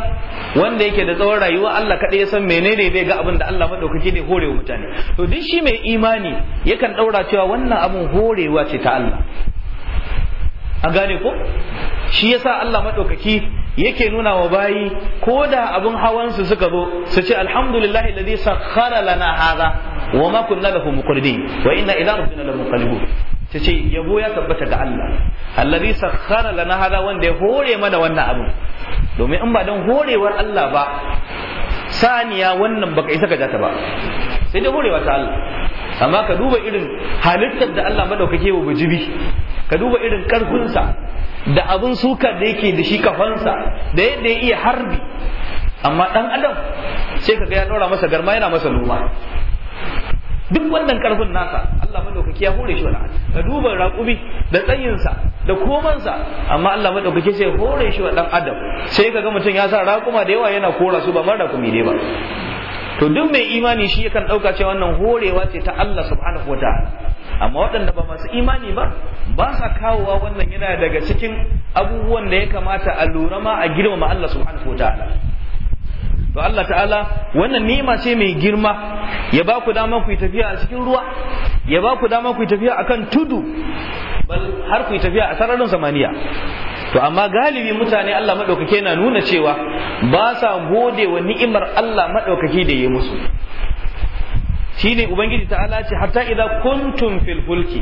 wanda yake da tsawon rayuwa Allah kaɗai ya san menene zai ga abin da Allah madaukaki ne horewa mutane to duk shi mai imani yakan ɗaura cewa wannan abin horewa ce ta Allah a gane ko shi yasa Allah maɗaukaki yake nuna wa bayi ko da abun hawansu suka zo su ce alhamdulillahi alladhi sakhkhara lana hadha wa ma kunna lahu muqrinin wa inna ila rabbina lamunqalibun ta ce yabo ya tabbata ga Allah alladhi sakhkhara lana hadha wanda ya hore mana wannan abu domin in ba don horewar Allah ba saniya wannan baka isa ka jata ba sai dai horewa ta Allah amma ka duba irin halittar da Allah madaukake wa bijibi ka duba irin karfinsa da abin sukar da yake da shi kafansa da yadda ya iya harbi amma dan adam sai kaga ya ɗora masa garma yana masa noma. duk wannan karfin nasa Allah madaukaki ya hore shi wani da duba raƙumi da tsayinsa da komansa amma Allah madaukaki sai hore shi wa dan adam sai kaga mutum ya sa raƙuma da yawa yana kora su ba mara raƙumi ne ba to duk mai imani shi yakan ɗauka cewa wannan horewa ce ta Allah subhanahu wa amma waɗanda ba masu imani ba ba sa kawowa wannan yana daga cikin abubuwan da ya kamata a lura ma a girmama Allah subhanahu wataala to Allah ta'ala wannan ni'ima ce mai girma ya ba ku dama ku tafiya a cikin ruwa ya ba ku dama ku tafiya akan tudu bal har ku tafiya a sararin samaniya to amma galibi mutane Allah madaukake na nuna cewa ba sa gode wa ni'imar Allah madaukake da ya musu shine ubangiji ta'ala ce hatta idza kuntum fil fulki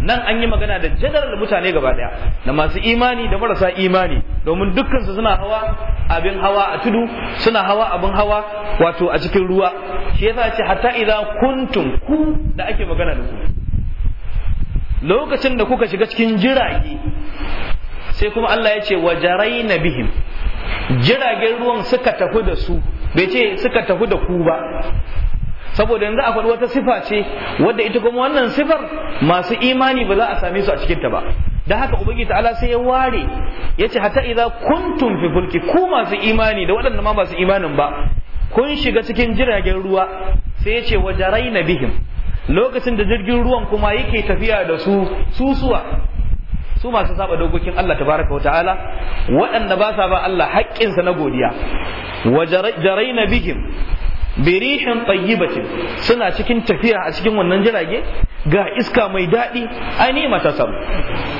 nan an yi magana da da mutane gaba daya da masu imani da marasa imani domin dukkansu suna hawa abin hawa a tudu suna hawa abin hawa wato a cikin ruwa shi yasa ce hatta idza kuntum ku da ake magana da ku lokacin da kuka shiga cikin jirage sai kuma Allah ya ce wa jaraina bihim jiragen ruwan suka tafi da su bai ce suka tafi da ku ba saboda yanzu a faɗi wata sifa ce wadda ita kuma wannan sifar masu imani ba za a same su a cikin ta ba da haka ubangiji ta'ala sai ya ware yace hatta idza kuntum fi fulki ku masu imani da waɗanda ma masu imanin ba kun shiga cikin jiragen ruwa sai yace wajaraina bihim lokacin da jirgin ruwan kuma yake tafiya da su susuwa su masu saba dokokin Allah tabaraka wa ta'ala waɗanda ba sa ba Allah haƙƙinsa na godiya wa jaraina bihim birihin tayyibatin suna cikin tafiya a cikin wannan jirage ga iska mai daɗi ai ni mata samu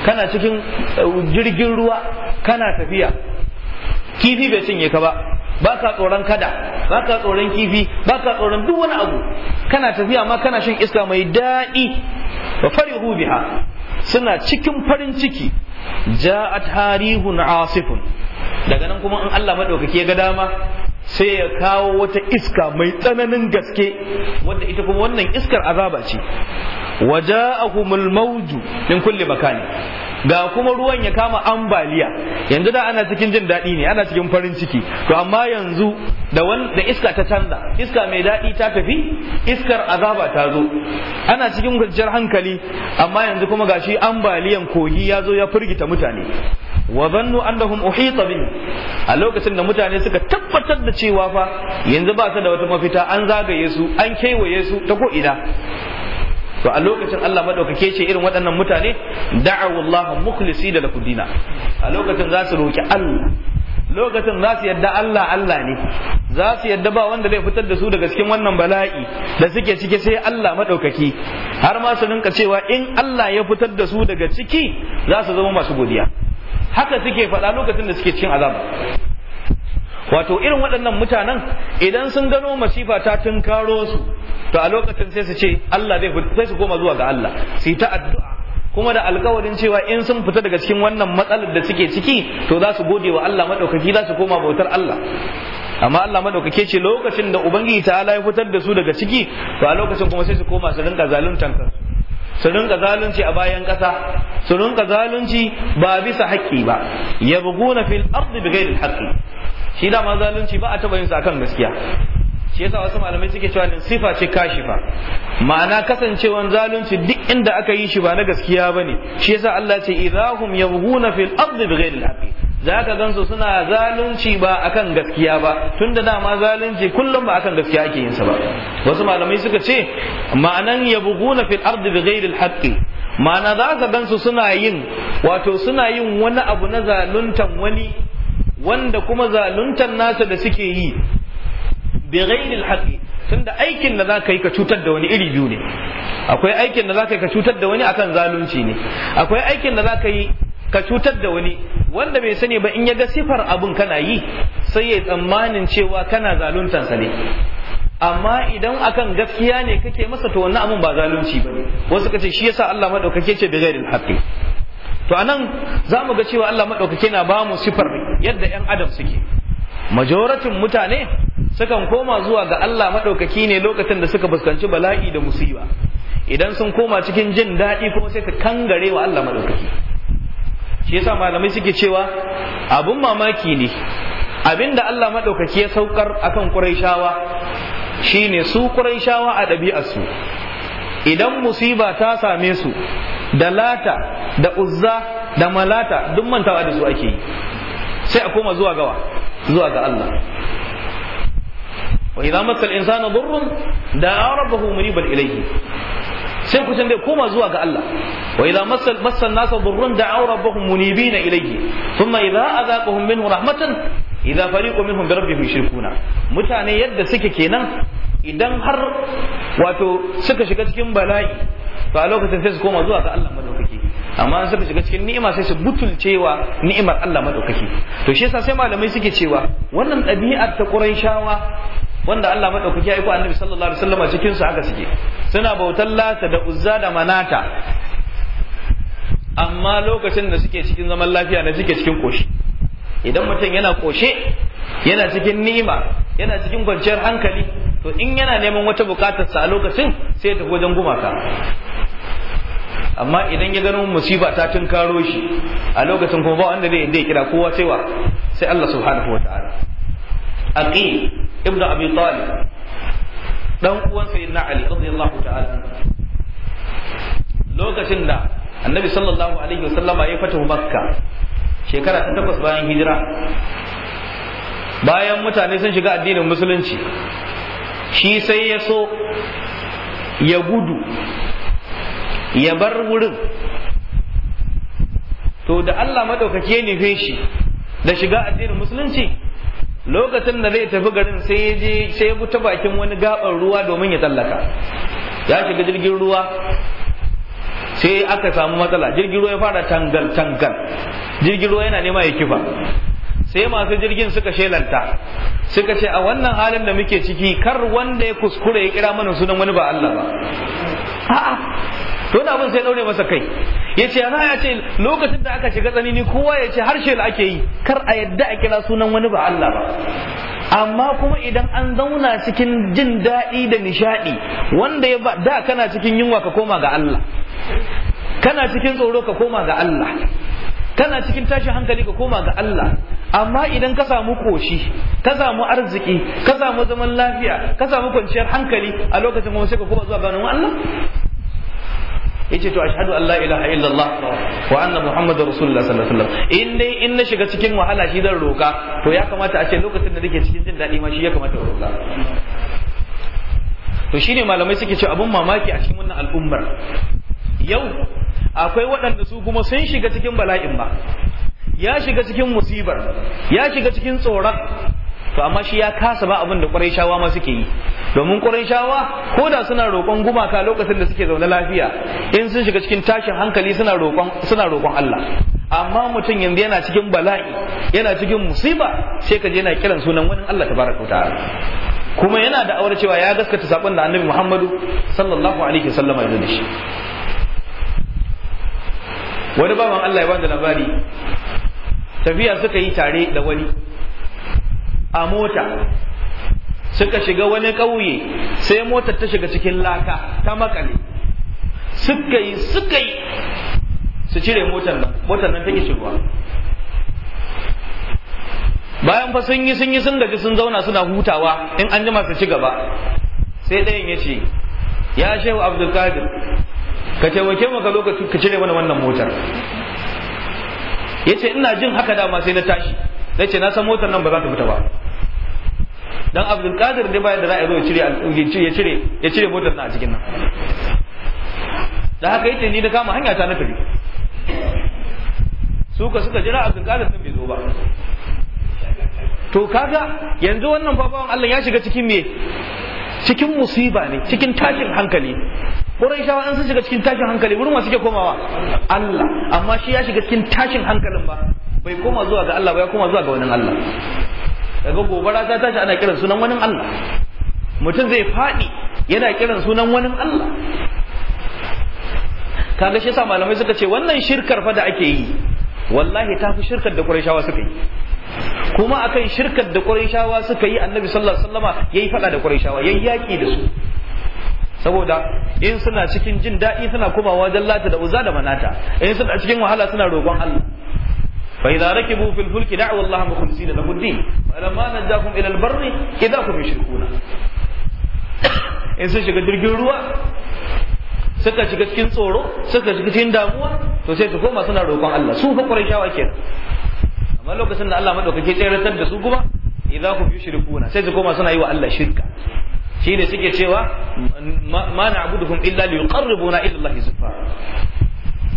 kana cikin eh, jirgin ruwa kana tafiya kifi bai cinye ka ba ba ka tsoron kada ba ka tsoron kifi ba ka tsoron duk wani abu kana tafiya ma kana shan iska mai daɗi wa farihu biha suna cikin farin ciki ja'at harihun asifun daga nan kuma in Allah madaukake ga dama sai ya kawo wata iska mai tsananin gaske wanda ita kuma wannan iskar azaba ce waja'ahumul mawju min kulli makani ga kuma ruwan ya kama ambaliya yanzu da ana cikin jin daɗi ne ana cikin farin ciki to amma yanzu da da iska ta canza iska mai daɗi ta tafi iskar azaba ta zo ana cikin gajjar hankali amma yanzu kuma gashi ambaliyan kogi ya zo ya firgita mutane wa zannu annahum uhita bihi a lokacin da mutane suka tabbatar da cewa fa yanzu ba su da wata mafita an zagaye su an kewaye su ta ko ina to a lokacin Allah madaukake ce irin waɗannan mutane da'awu Allah mukhlisi da lakudina a lokacin za su roki Allah lokacin za su yadda Allah Allah ne za su yadda ba wanda zai fitar da su daga cikin wannan bala'i da suke ciki sai Allah madaukaki har ma su rinka cewa in Allah ya fitar da su daga ciki za su zama masu godiya haka suke faɗa lokacin da suke cikin azaba wato irin waɗannan mutanen idan sun gano masifa ta tunkaro su to a lokacin sai su ce Allah zai sai su koma zuwa ga Allah su ta addu'a kuma da alkawarin cewa in sun fita daga cikin wannan matsalar da suke ciki to za su gode wa Allah madaukaki za su koma bautar Allah amma Allah madaukake ce lokacin da ubangiji ta'ala ya fitar da su daga ciki to a lokacin kuma sai su koma su rinka zaluntan kansu su rinka zalunci a bayan ƙasa su rinka zalunci ba bisa haƙƙi ba na fil ardi bighairi haƙƙi shi da ma zalunci ba a taɓa yin sa akan gaskiya shi yasa wasu malamai suke cewa din sifa ce kashifa ma'ana kasancewan zalunci duk inda aka yi shi ba na gaskiya bane shi yasa Allah ce idahum yabghuna fil ardi bighayri al za ka gansu suna zalunci ba akan gaskiya ba tunda dama zalunci kullum ba akan gaskiya ake yin sa ba wasu malamai suka ce ma'anan yabghuna fil ardi bighayri al ma'ana za ka gansu suna yin wato suna yin wani abu na zaluntan wani wanda kuma zaluntan nasa da suke yi bi ghairil tunda aikin da zaka yi ka cutar da wani iri biyu ne akwai aikin da zaka yi ka cutar da wani akan zalunci ne akwai aikin da zaka yi ka cutar da wani wanda bai sani ba in ya ga sifar abun kana yi sai ya tsammanin cewa kana zaluntansa ne amma idan akan gaskiya ne kake masa to wannan abun ba zalunci ba ne wasu kace shi yasa Allah madaukake ce bi ghairil to anan za mu ga cewa Allah madaukake na ba mu sifar yadda yan adam suke majoratin mutane sukan koma zuwa ga Allah maɗaukaki ne lokacin da suka fuskanci bala'i da musiba idan sun koma cikin jin daɗi kuma sai ka kangare wa Allah maɗaukaki shi yasa malamai suke cewa abun mamaki ne abinda Allah maɗaukaki ya saukar akan Qurayshawa shine su Qurayshawa a ɗabi'arsu idan musiba ta same su da lata da uzza da malata duk mantawa da su ake yi sai a koma zuwa gawa zuwa ga Allah wa idza massa al-insana dhurrun da'a rabbahu muniban ilayhi sai kusan dai koma zuwa ga Allah wa idza massa massa an-nasa dhurrun da'a rabbahum munibina ilayhi thumma idza azaqahum minhu rahmatan idza fariqu minhum bi rabbihim yushrikuna mutane yadda suke kenan idan har wato suka shiga cikin bala'i to a lokacin sai su koma zuwa ga Allah madaukaki amma an suka shiga cikin ni'ima sai su butulcewa ni'imar Allah madaukaki to shi yasa sai malamai suke cewa wannan ɗabi'ar ta Qurayshawa wanda Allah madaukaki ya aiko annabi sallallahu alaihi wasallam cikin su haka suke suna bautar lata da uzza da manata amma lokacin da suke cikin zaman lafiya na suke cikin koshi idan mutum yana koshe yana cikin ni'ima yana cikin kwanciyar hankali to in yana neman wata sa a lokacin sai ta wajen gumaka amma idan ya gano musiba ta tun karo shi a lokacin kuma ba wanda zai ya kira kowa sai wa sai Allah subhanahu wataala aqi ibnu abi talib dan uwan sayyidina ali radiyallahu ta'ala lokacin da annabi sallallahu alaihi wasallama ya fata makka shekara ta takwas bayan hijira bayan mutane sun shiga addinin musulunci shi sai ya so ya gudu ya bar wurin to da Allah madaukake ne nufe shi da shiga addinin musulunci lokacin da zai tafi garin sai ya je sai ya ta bakin wani gaban ruwa domin ya tsallaka ya shiga jirgin ruwa sai aka samu matsala jirgin ruwa ya fara tangal tangal jirgin ruwa yana nema ya kifa sai masu jirgin suka shelanta suka ce a wannan halin da muke ciki kar wanda ya kuskure ya kira mana sunan wani ba Allah ba to wani abin sai daure masa kai ya ce yana ya ce lokacin da aka shiga tsanini kowa ya ce harshe da ake yi kar a yadda a kira sunan wani ba Allah ba amma kuma idan an zauna cikin jin daɗi da nishaɗi wanda ya ba da kana cikin yunwa ka koma ga Allah kana cikin tsoro ka koma ga Allah kana cikin tashin hankali ka koma ga Allah amma idan ka samu koshi ka samu arziki ka samu zaman lafiya ka samu kwanciyar hankali a lokacin kuma sai ka koma zuwa ganin Allah yace to ashhadu an la ilaha illallah wa anna muhammadar rasulullah sallallahu alaihi wasallam in dai in na shiga cikin wahala shi zan roka to ya kamata a ce lokacin da nake cikin jin daɗi ma shi ya kamata roka to shine malamai suke cewa abun mamaki a cikin wannan al'ummar yau akwai waɗanda su kuma sun shiga cikin bala'in ba ya shiga cikin musibar ya shiga cikin tsoron to amma shi ya kasa ba abin da shawa ma suke yi domin shawa ko da suna roƙon gumaka lokacin da suke zaune lafiya in sun shiga cikin tashin hankali suna roƙon suna Allah amma mutum yanzu yana cikin bala'i yana cikin musiba sai ka je yana kiran sunan wani Allah tabaraka ta'ala kuma yana da aure cewa ya gaskata sabon da Annabi Muhammadu sallallahu alaihi wasallam ya da shi wani baban Allah ya bani labari tafiya suka yi tare da wani a mota suka shiga wani ƙauye sai motar ta shiga cikin laka ta makale suka yi suka yi su cire motar nan motar nan ta take shigowa bayan fa sun yi sun yi sun gaji sun zauna suna hutawa in an jima su ci gaba sai ɗayan ya ce ya shehu kadir ka taimake mu ka lokaci ka cire mana wannan motar ya ce ina jin haka dama sai na tashi ce na san motar nan ba za ta fita ba dan abdul qadir dai bayan da za a zo ya cire ya cire ya cire motar nan a cikin nan da haka yace ni da kama hanya ta na tafi suka suka jira abdul qadir din bai zo ba to kaga yanzu wannan babawan Allah ya shiga cikin me cikin musiba ne cikin tashin hankali shawa an sun shiga cikin tashin hankali wurin wa suke komawa Allah amma shi ya shiga cikin tashin hankalin ba bai koma zuwa ga Allah ba ya koma zuwa ga wani Allah daga gobara ta tashi ana kiran sunan wani Allah mutum zai faɗi yana kiran sunan wani Allah kaga shi yasa malamai suka ce wannan shirkar fa da ake yi wallahi ta fi shirkar da Qurayshawa suka yi kuma akan shirkar da Qurayshawa suka yi Annabi sallallahu alaihi wasallama yayi faɗa da Qurayshawa yayi yaki da su saboda in suna cikin jin daɗi suna komawa dallata da uza da manata in suna cikin wahala suna roƙon Allah فإذا ركبوا في الفلك دعوا الله مخلصين له الدين فلما نجاهم إلى البر إذا هم يشركون in sun shiga jirgin ruwa suka shiga cikin tsoro suka shiga cikin damuwa to sai su koma suna roƙon Allah su fa Qurayshawa kenan amma lokacin da Allah madaukake tseratar da su kuma idza hum yushrikuna sai su koma suna yi wa Allah shirka shi ne cewa ma na'buduhum illa liyuqarribuna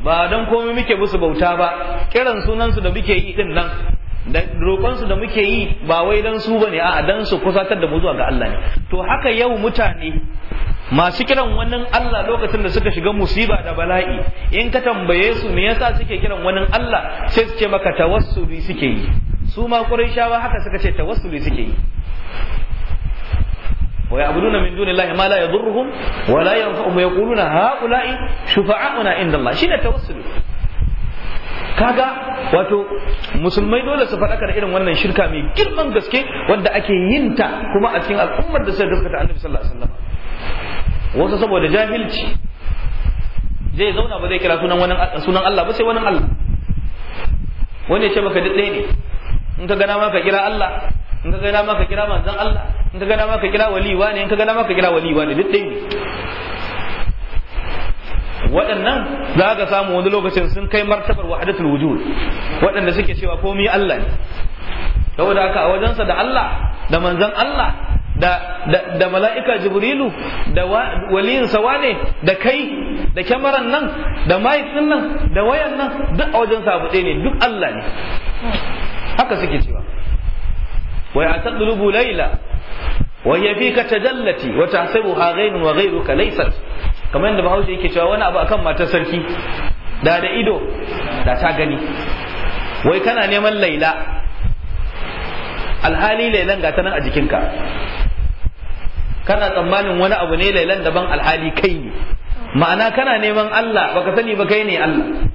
ba don komai muke musu bauta ba kiran sunansu da muke yi din nan da roƙonsu da muke yi ba wai dan su bane a'a dan su kusatar da mu zuwa ga Allah ne to haka yau mutane masu kiran wannan Allah lokacin da suka shiga musiba da bala'i in ka tambaye su me yasa suke kiran wannan Allah sai su ce maka tawassuli suke yi su ma Qurayshawa haka suka ce tawassuli suke yi ويعبدون من دون الله ما لا يضرهم ولا ينفعهم ويقولون هؤلاء شفعاؤنا عند الله شنو التوسل kaga wato musulmai dole su faɗaka da irin wannan shirka mai girman gaske wanda ake yin ta kuma a cikin al'ummar da suka gaskata annabi sallallahu alaihi wasallam wasu saboda jahilci zai zauna ba zai kira sunan wani sunan Allah ba sai wani Allah wani ya ce maka duk ne in ka gana ma ka kira Allah in ka gana maka kira manzon Allah in ka gana maka kira wali ne in ka gana maka kira wali wane duk ɗaya ne waɗannan za ka samu wani lokacin sun kai martabar wahdatul wujud waɗanda suke cewa komai Allah ne saboda haka a wajensa da Allah da manzon Allah da mala'ika jibrilu da waliyin sawa ne da kai da kyamaran nan da mic nan da wayan nan duk a wajen sabu ne duk Allah ne haka suke cewa ويعتقلب ليلى وهي فيك تجلتي وتحسبها غين وغيرك ليست kamar yadda bahaushe yake cewa wani abu akan matar sarki da ido da ta gani wai kana neman laila alhali lailan ga ta a kana tsammanin wani abu ne lailan daban alhali kai ne ma'ana kana neman Allah baka sani ba kai ne Allah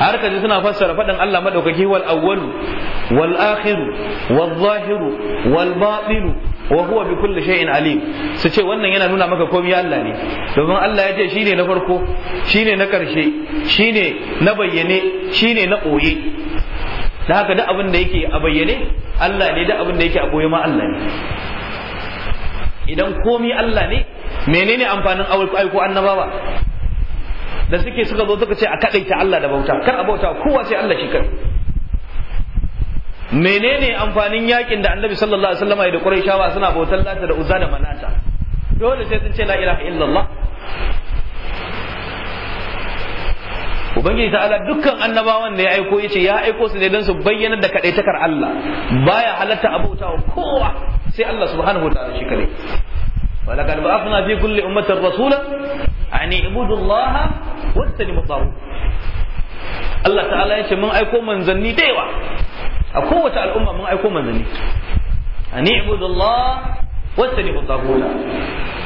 har ka suna fassara faɗin Allah madaukaki wal awwalu wal akhiru wal zahiru wal baɗinu wa huwa bi kulli shay'in alim su ce wannan yana nuna maka komai Allah ne domin Allah ya ce shine na farko shine na karshe shine na bayyane shine na koye da haka da abin da yake a bayyane Allah ne da abin da yake a koye ma Allah ne idan komai Allah ne menene amfanin aiko annabawa da suke suka zo suka ce a kaɗaita Allah da bauta kar a bauta kowa sai Allah shi kai menene amfanin yakin da annabi sallallahu alaihi wasallam ya da quraishawa suna bautar lata da uzza da manata dole sai sun ce la ilaha illallah ubangiji ta'ala dukkan annabawan da ya aiko yace ya aiko su ne don su bayyana da kaɗaitakar Allah baya halatta abota kowa sai Allah subhanahu wa ta'ala shi kare ولقد بعثنا fi كل أمة رسولا ani اعبدوا الله wata ne matsawo Allah ta'ala ya ce mun aiko manzanni da yawa a kowace al'umma mun aiko manzanni a ni'budullah wata ne matsawo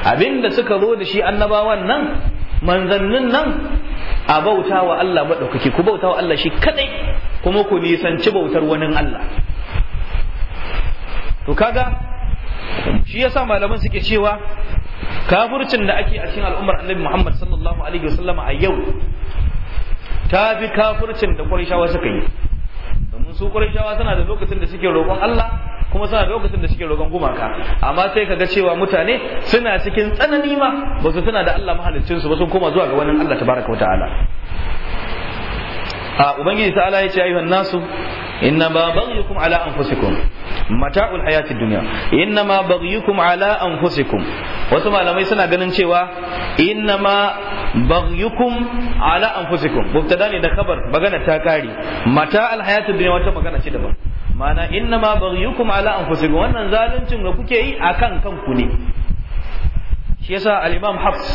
abinda suka zo da shi annabawan nan manzannin nan a bauta wa Allah maɗaukaki ku bauta wa Allah shi kadai kuma ku nisanci bautar wani Allah to kaga shi yasa malaman suke cewa kafircin da ake a cikin al'ummar annabi Muhammad sallallahu alaihi wasallama a yau ta fi kafircin da Qurayshawa suka yi domin su Qurayshawa suna da lokacin da suke roƙon Allah kuma suna da lokacin da suke roƙon gumaka amma sai ka ga cewa mutane suna cikin tsanani ma ba su suna da Allah mahaliccin su ba sun koma zuwa ga wani Allah tabaraka wa ta'ala a ubangiji ta'ala ya ce ayyuhan nasu إنما بغيكم على أنفسكم متاع الحياة الدنيا إنما بغيكم على أنفسكم وثم على ميسنا قلن شوا إنما بغيكم على أنفسكم مبتداني ده خبر بغانا تاكاري متاع الحياة الدنيا وانت مغانا شدبا mana inna ma baghyukum ala anfusikum wannan zaluncin da kuke yi akan kanku ne shi yasa al-imam Hafs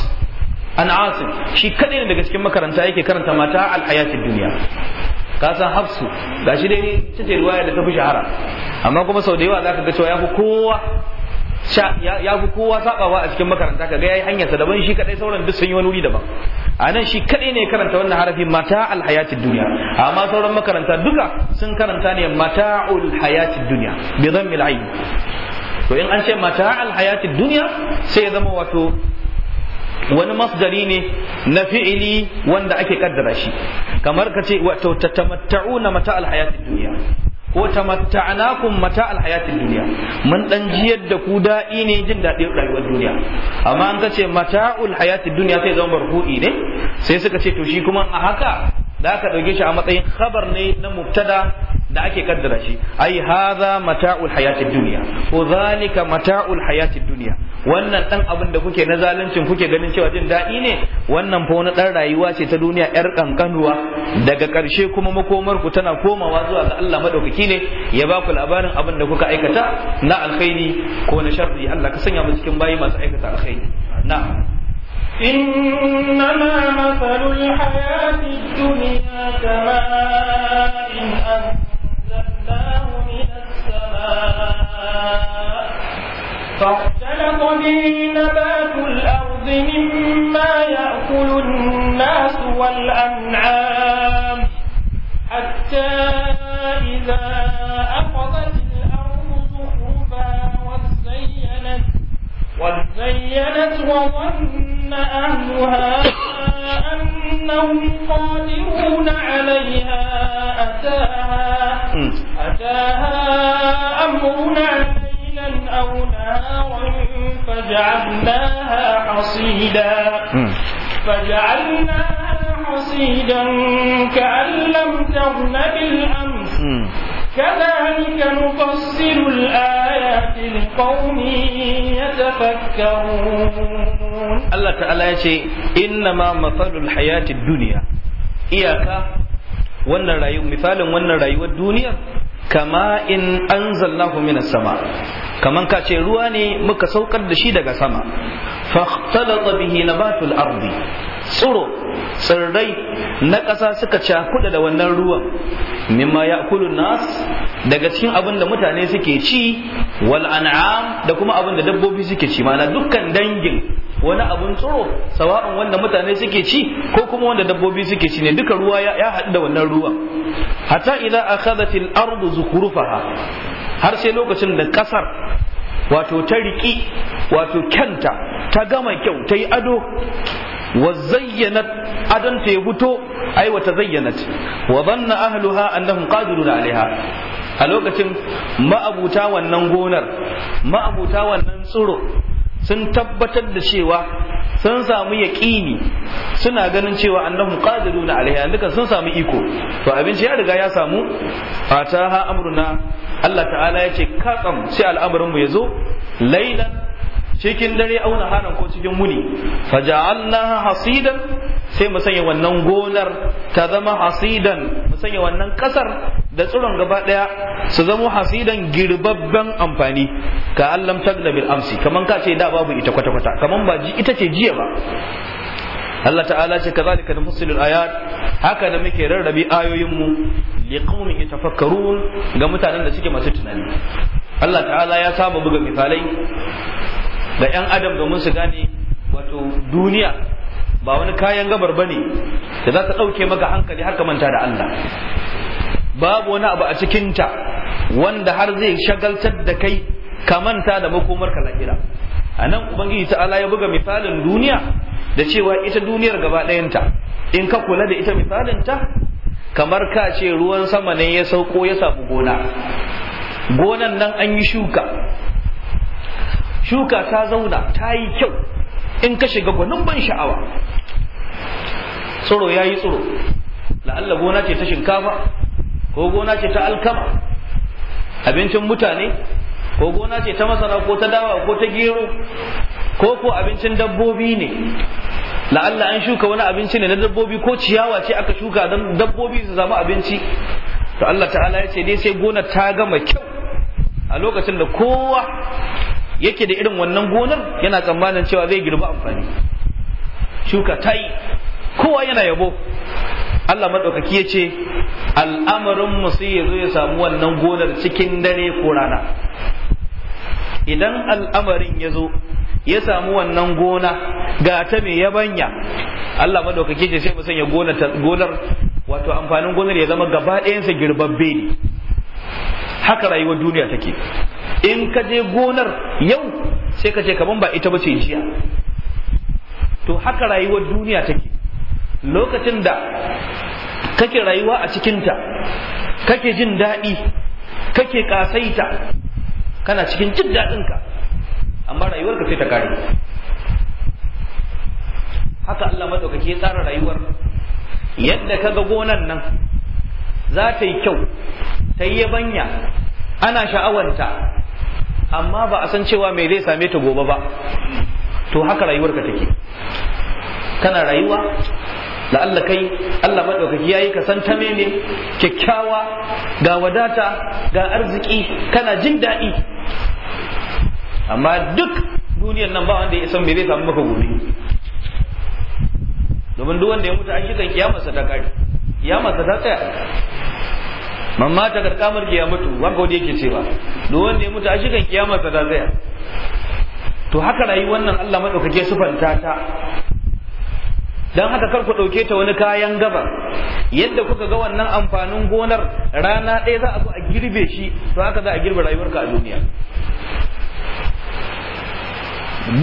an asim shi kadai ne daga cikin makaranta yake karanta mata alhayatid duniya kasan san ga gashi dai ta ce ruwaya da ta fi shahara amma kuma sau da yawa zaka ga cewa ya fi kowa ya fi kowa sabawa a cikin makaranta kaga yayi hanyarsa daban shi kadai sauran duk sun yi wani wuri daban a nan shi kadai ne karanta wannan harafi mata alhayatid duniya amma sauran makaranta duka sun karanta ne mata hayatid duniya bi dhammil ayn to in an ce mata alhayatid duniya sai ya zama wato wani masdari ne na fi'ili wanda ake kaddara shi kamar ka ce wato na mata alhayatid duniya ko tamatta'nakum mata alhayatid duniya mun dan jiyar da ku daɗi ne jin daɗin rayuwar duniya amma an ka ce mata'ul hayatin duniya sai zama marfu'i ne sai suka ce to shi kuma a haka da aka ɗauke shi a matsayin khabar ne na mubtada da ake kaddara shi ai hadha mata'ul hayatid dunya ko zalika mata'ul hayatid dunya wannan dan abin da kuke na zaluncin kuke ganin cewa jin daɗi ne wannan fa wani dan rayuwa ce ta duniya yar kankanuwa daga ƙarshe kuma makomar ku tana komawa zuwa ga Allah madaukaki ne ya ba ku labarin abin da kuka aikata na alkhairi ko na sharri Allah ka sanya mu cikin bayi masu aikata alkhairi na إنما مثل الحياة الدنيا كماء أنزل الله من السماء فاختلط به نبات الأرض مما يأكل الناس والأنعام حتى إذا أخذت الأرض زخرفها وزينت وزينت وظن أهلها أنهم قادرون عليها أتاها أتاها أمرنا ليلا أو نهارا فجعلناها حصيدا فجعلناها حصيدا كأن لم تغن بالأمس كذلك نفصل الآيات لقوم يتفكرون hawun Allah ta'ala ya ce innama ma mafalul hayatid duniya iyaka wannan rayu misalin wannan rayuwar duniyar kama in anzalnahu minas sama kaman ka ce ruwa ne muka saukar da shi daga sama fahtalata bihi nabatul ardi tsiro tsirrai na ƙasa suka cakuda da wannan ruwan mimma ya'kulu nas daga cikin abin da mutane suke ci wal an'am da kuma abin da dabbobi suke ci mana dukkan dangin wani abun tsoro sawa'un wanda mutane suke ci ko kuma wanda dabbobi suke ci ne duka ruwa ya haɗu da wannan ruwan hatta a a al-ardu zukhrufaha har sai lokacin da ƙasar wato ta riki wato kyanta ta gama kyau ta yi ado wa zayyana adon ta ya fito ai wa ta zayyanat wa zanna ahluha annahum qadiruna alaiha a lokacin ma'abuta wannan gonar ma'abuta wannan tsoro. sun tabbatar da cewa sun samu yaƙini suna ganin cewa annahum qadiruna alaiha duka sun samu iko to abinci ya riga ya samu fataha amruna Allah ta'ala ya ce katsam sai al'amarin ya zo lailan cikin dare auna haran ko cikin muni faja'alna hasidan sai mu sanya wannan gonar ta zama hasidan mu sanya wannan kasar da tsiron gaba daya su zama hasidan girbabben amfani ka allam tagna bil amsi kaman ka ce da babu ita kwata kwata kaman ba ita ce jiya ba Allah ta'ala ce kazalika musulul ayat haka da muke rarrabe ayoyin mu liqaumin yatafakkarun ga mutanen da suke masu tunani Allah ta'ala ya saba buga misalai ga 'yan adam domin su gane wato duniya ba wani kayan gabar bane da za ta ɗauke maka hankali har ka manta da Allah babu wani abu a cikinta wanda har zai shagaltar da kai ka manta da makomar ka lahira a nan ubangiji ta ya buga misalin duniya da cewa ita duniyar gaba ɗayanta in ka kula da ita misalin ta kamar ka ce ruwan sama ne ya sauko ya samu gona gonan nan an yi shuka shuka ta zauna ta yi kyau in ka shiga gwanin ban sha'awa tsiro ya yi tsiro la'alla gona ce ta shinkafa ko gona ce ta alkama abincin mutane ko gona ce ta masara ko ta dawa ko ta gero ko ko abincin dabbobi ne la'alla an shuka wani abinci ne na dabbobi ko ciyawa ce aka shuka don dabbobi su zama abinci to Allah ta'ala ya ce dai sai gona ta gama kyau a lokacin da kowa yake da irin wannan gonar yana tsammanin cewa zai girbi amfani shuka ta yi kowa yana yabo Allah maɗaukaki ya ce al'amarin musu ya zo ya samu wannan gonar cikin dare ko rana idan al'amarin ya zo ya samu wannan gona ga ta mai yabanya Allah maɗaukaki ce sai mu sanya gonar wato amfanin gonar ya zama gaba ɗayansa girbabbe ne haka rayuwar duniya take in ka je gonar yau sai ka ce kaman ba ita bace jiya to haka rayuwar duniya take lokacin da kake rayuwa a cikinta kake jin daɗi kake kasaita kana cikin jin daɗinka amma rayuwar ka sai ta kare haka Allah madaukaki ya tsara rayuwar yadda ka ga gonan nan za ta yi kyau ta yi banya ana sha'awanta amma ba a san cewa me zai same ta gobe ba to haka rayuwarka take kana rayuwa da Allah kai Allah maɗaukaki ya yi ka san ta ne kyakkyawa ga wadata ga arziki kana jin daɗi amma duk duniyar nan ba wanda ya san me zai samu maka gobe domin duk wanda ya mutu an shi ta kiyamarsa ta tsaya man ta kad kamar kiyamatu wanka wanda yake cewa duk wanda ya mutu a shi kiyamar ta zaya to haka rayu wannan Allah madaukake sufanta ta don haka kar ku ɗauke ta wani kayan gaba yadda kuka ga wannan amfanin gonar rana ɗaya za a zo a girbe shi to haka za a girbe rayuwarka a duniya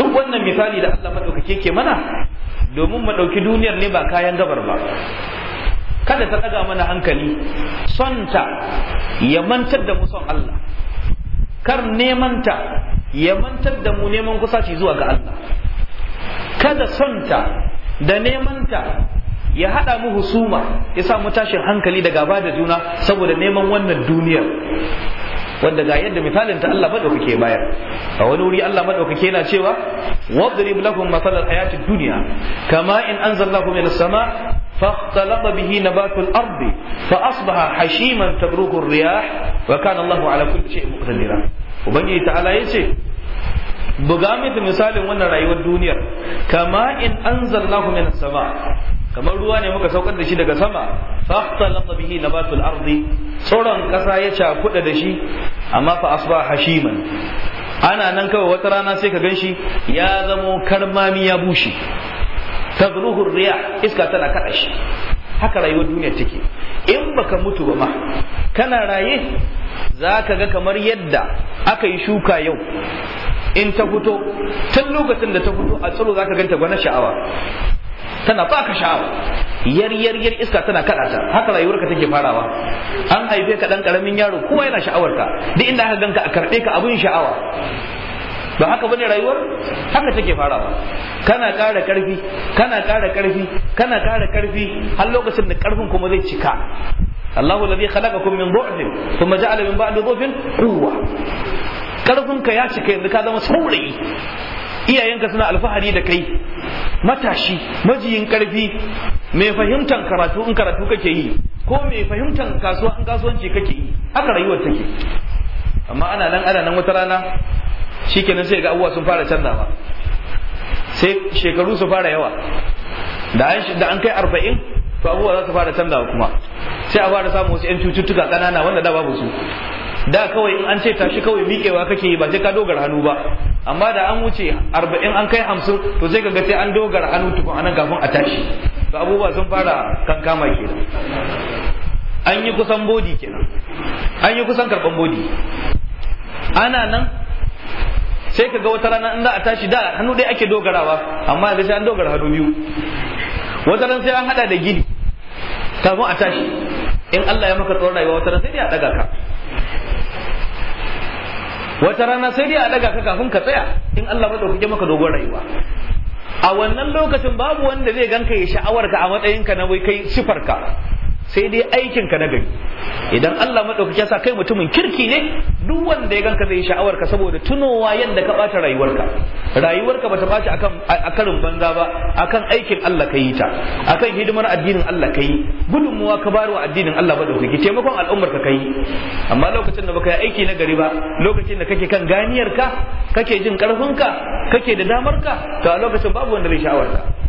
duk wannan misali da Allah maɗaukake ke mana domin mu ɗauki duniyar ne ba kayan gabar ba kada ta daga mana hankali sonta ya mantar da mu son Allah kar nemanta ya mantar da mu neman kusaci zuwa ga Allah kada sonta da nemanta ya haɗa mu husuma ya sa mu tashin hankali daga ba da juna saboda neman wannan duniyar wanda ga yadda misalin ta Allah madaukake bayar a wani wuri Allah madaukake yana cewa wadrib lahum masalan hayatid dunya kama in anzalnahu minas sama فاختلط به نبات الأرض فأصبح حشيما تبروك الرياح وكان الله على كل شيء مقتدرا وبنجي تعالى يسي buga da misalin wannan rayuwar duniyar kama in anzalnahu min sama kamar ruwa ne muka saukar da shi daga sama fahtalata bihi nabatul ardi tsoron ƙasa ya cakuda da shi amma ba asba hashiman ana nan kawai wata rana sai ka ganshi ya zamo karmami ya bushe tazruhu riya iska tana kada shi haka rayuwar duniya take in baka mutu ba ma kana raye zaka ga kamar yadda aka yi shuka yau in ta fito tun lokacin da ta fito a tsaro za ganta gwana sha'awa tana baka sha'awa yar yar yar iska tana kada ta haka ka take farawa an haife ka dan karamin yaro kowa yana sha'awar ka duk inda aka ganka a karbe ka abun sha'awa ba haka bane rayuwar haka take farawa kana ƙara ƙarfi kana ƙara ƙarfi kana ƙara ƙarfi har lokacin da ƙarfin kuma zai cika Allahu الله khalaqakum min dhu'fin thumma ja'ala min ba'di dhu'fin quwwa قوة ƙarfinka ya cika yanzu ka zama saurayi iyayenka suna alfahari da kai matashi majiyin ƙarfi mai fahimtar karatu in karatu kake yi ko mai fahimtar kasuwa in kasuwanci kake yi haka rayuwar take amma ana nan ana nan wata rana shikenan sai ga abubuwa sun fara canzawa sai shekaru su fara yawa da an kai arba'in to abubuwa za su fara canzawa kuma sai a fara samun wasu 'yan cututtuka ƙanana wanda da babu su da kawai in an ce tashi kawai miƙewa kake yi ba sai ka dogara hannu ba amma da an wuce arba'in an kai hamsin to sai ga sai an dogara hannu tukun anan kafin a tashi to abubuwa sun fara kankama kenan an yi kusan bodi kenan an yi kusan karɓan bodi ana nan sai ka ga wata rana in za a tashi da hannu dai ake dogarawa amma yanzu sai an dogara hannu biyu wata rana sai an hada da gini kafin a tashi in Allah ya maka tsoron rayuwa wata rana sai dai a daga ka wata rana sai dai a daga ka kafin ka tsaya in Allah dauke maka dogon rayuwa a wannan lokacin babu wanda zai ganka ya sha'awar ka a matsayin ka na wai kai sifar ka sai dai aikin ka na gari idan Allah madaukaki ya sa kai mutumin kirki ne duk wanda ya ganka zai sha'awar saboda tunowa yadda ka bata rayuwarka rayuwarka bata bata akan akarin banza ba akan aikin Allah ka yi ta akan hidimar addinin Allah ka yi gudunmuwa ka bayar wa addinin Allah madaukaki taimakon al'ummar ka kai amma lokacin da baka yi aiki na gari ba lokacin da kake kan ganiyar ka kake jin karfin ka kake da damarka ka to a lokacin babu wanda zai sha'awarka.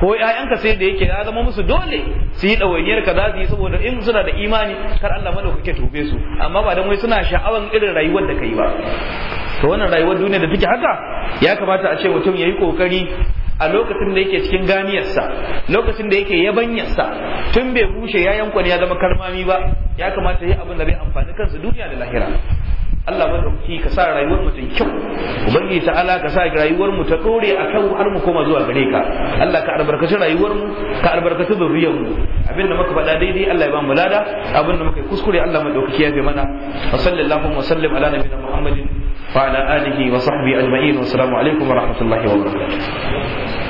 ko ƴaƴanka sai da yake ya zama musu dole su yi ɗawainiyar ka za su yi saboda in suna da imani kar Allah madaukake tobe su amma ba dan wai suna sha'awan irin rayuwar da kai ba to wannan rayuwar duniya da take haka ya kamata a ce mutum yayi kokari a lokacin da yake cikin ganiyarsa lokacin da yake yabanyarsa tun bai bushe ya kwani ya zama kalmami ba ya kamata yi abin da bai amfani kansa duniya da lahira Allah madaukaki ka sa rayuwar mu tun kyau ubangiji ala ka sa rayuwar mu ta dore akan har mu koma zuwa gare ka Allah ka albarkaci rayuwar mu ka albarkaci zuriyar mu abinda muka faɗa daidai Allah ya ba mu lada abinda muka kuskure Allah madaukaki ya fi mana wa sallallahu wa sallam ala nabiyina muhammadin wa ala alihi wa sahbihi ajma'in wa assalamu alaikum wa rahmatullahi wa barakatuh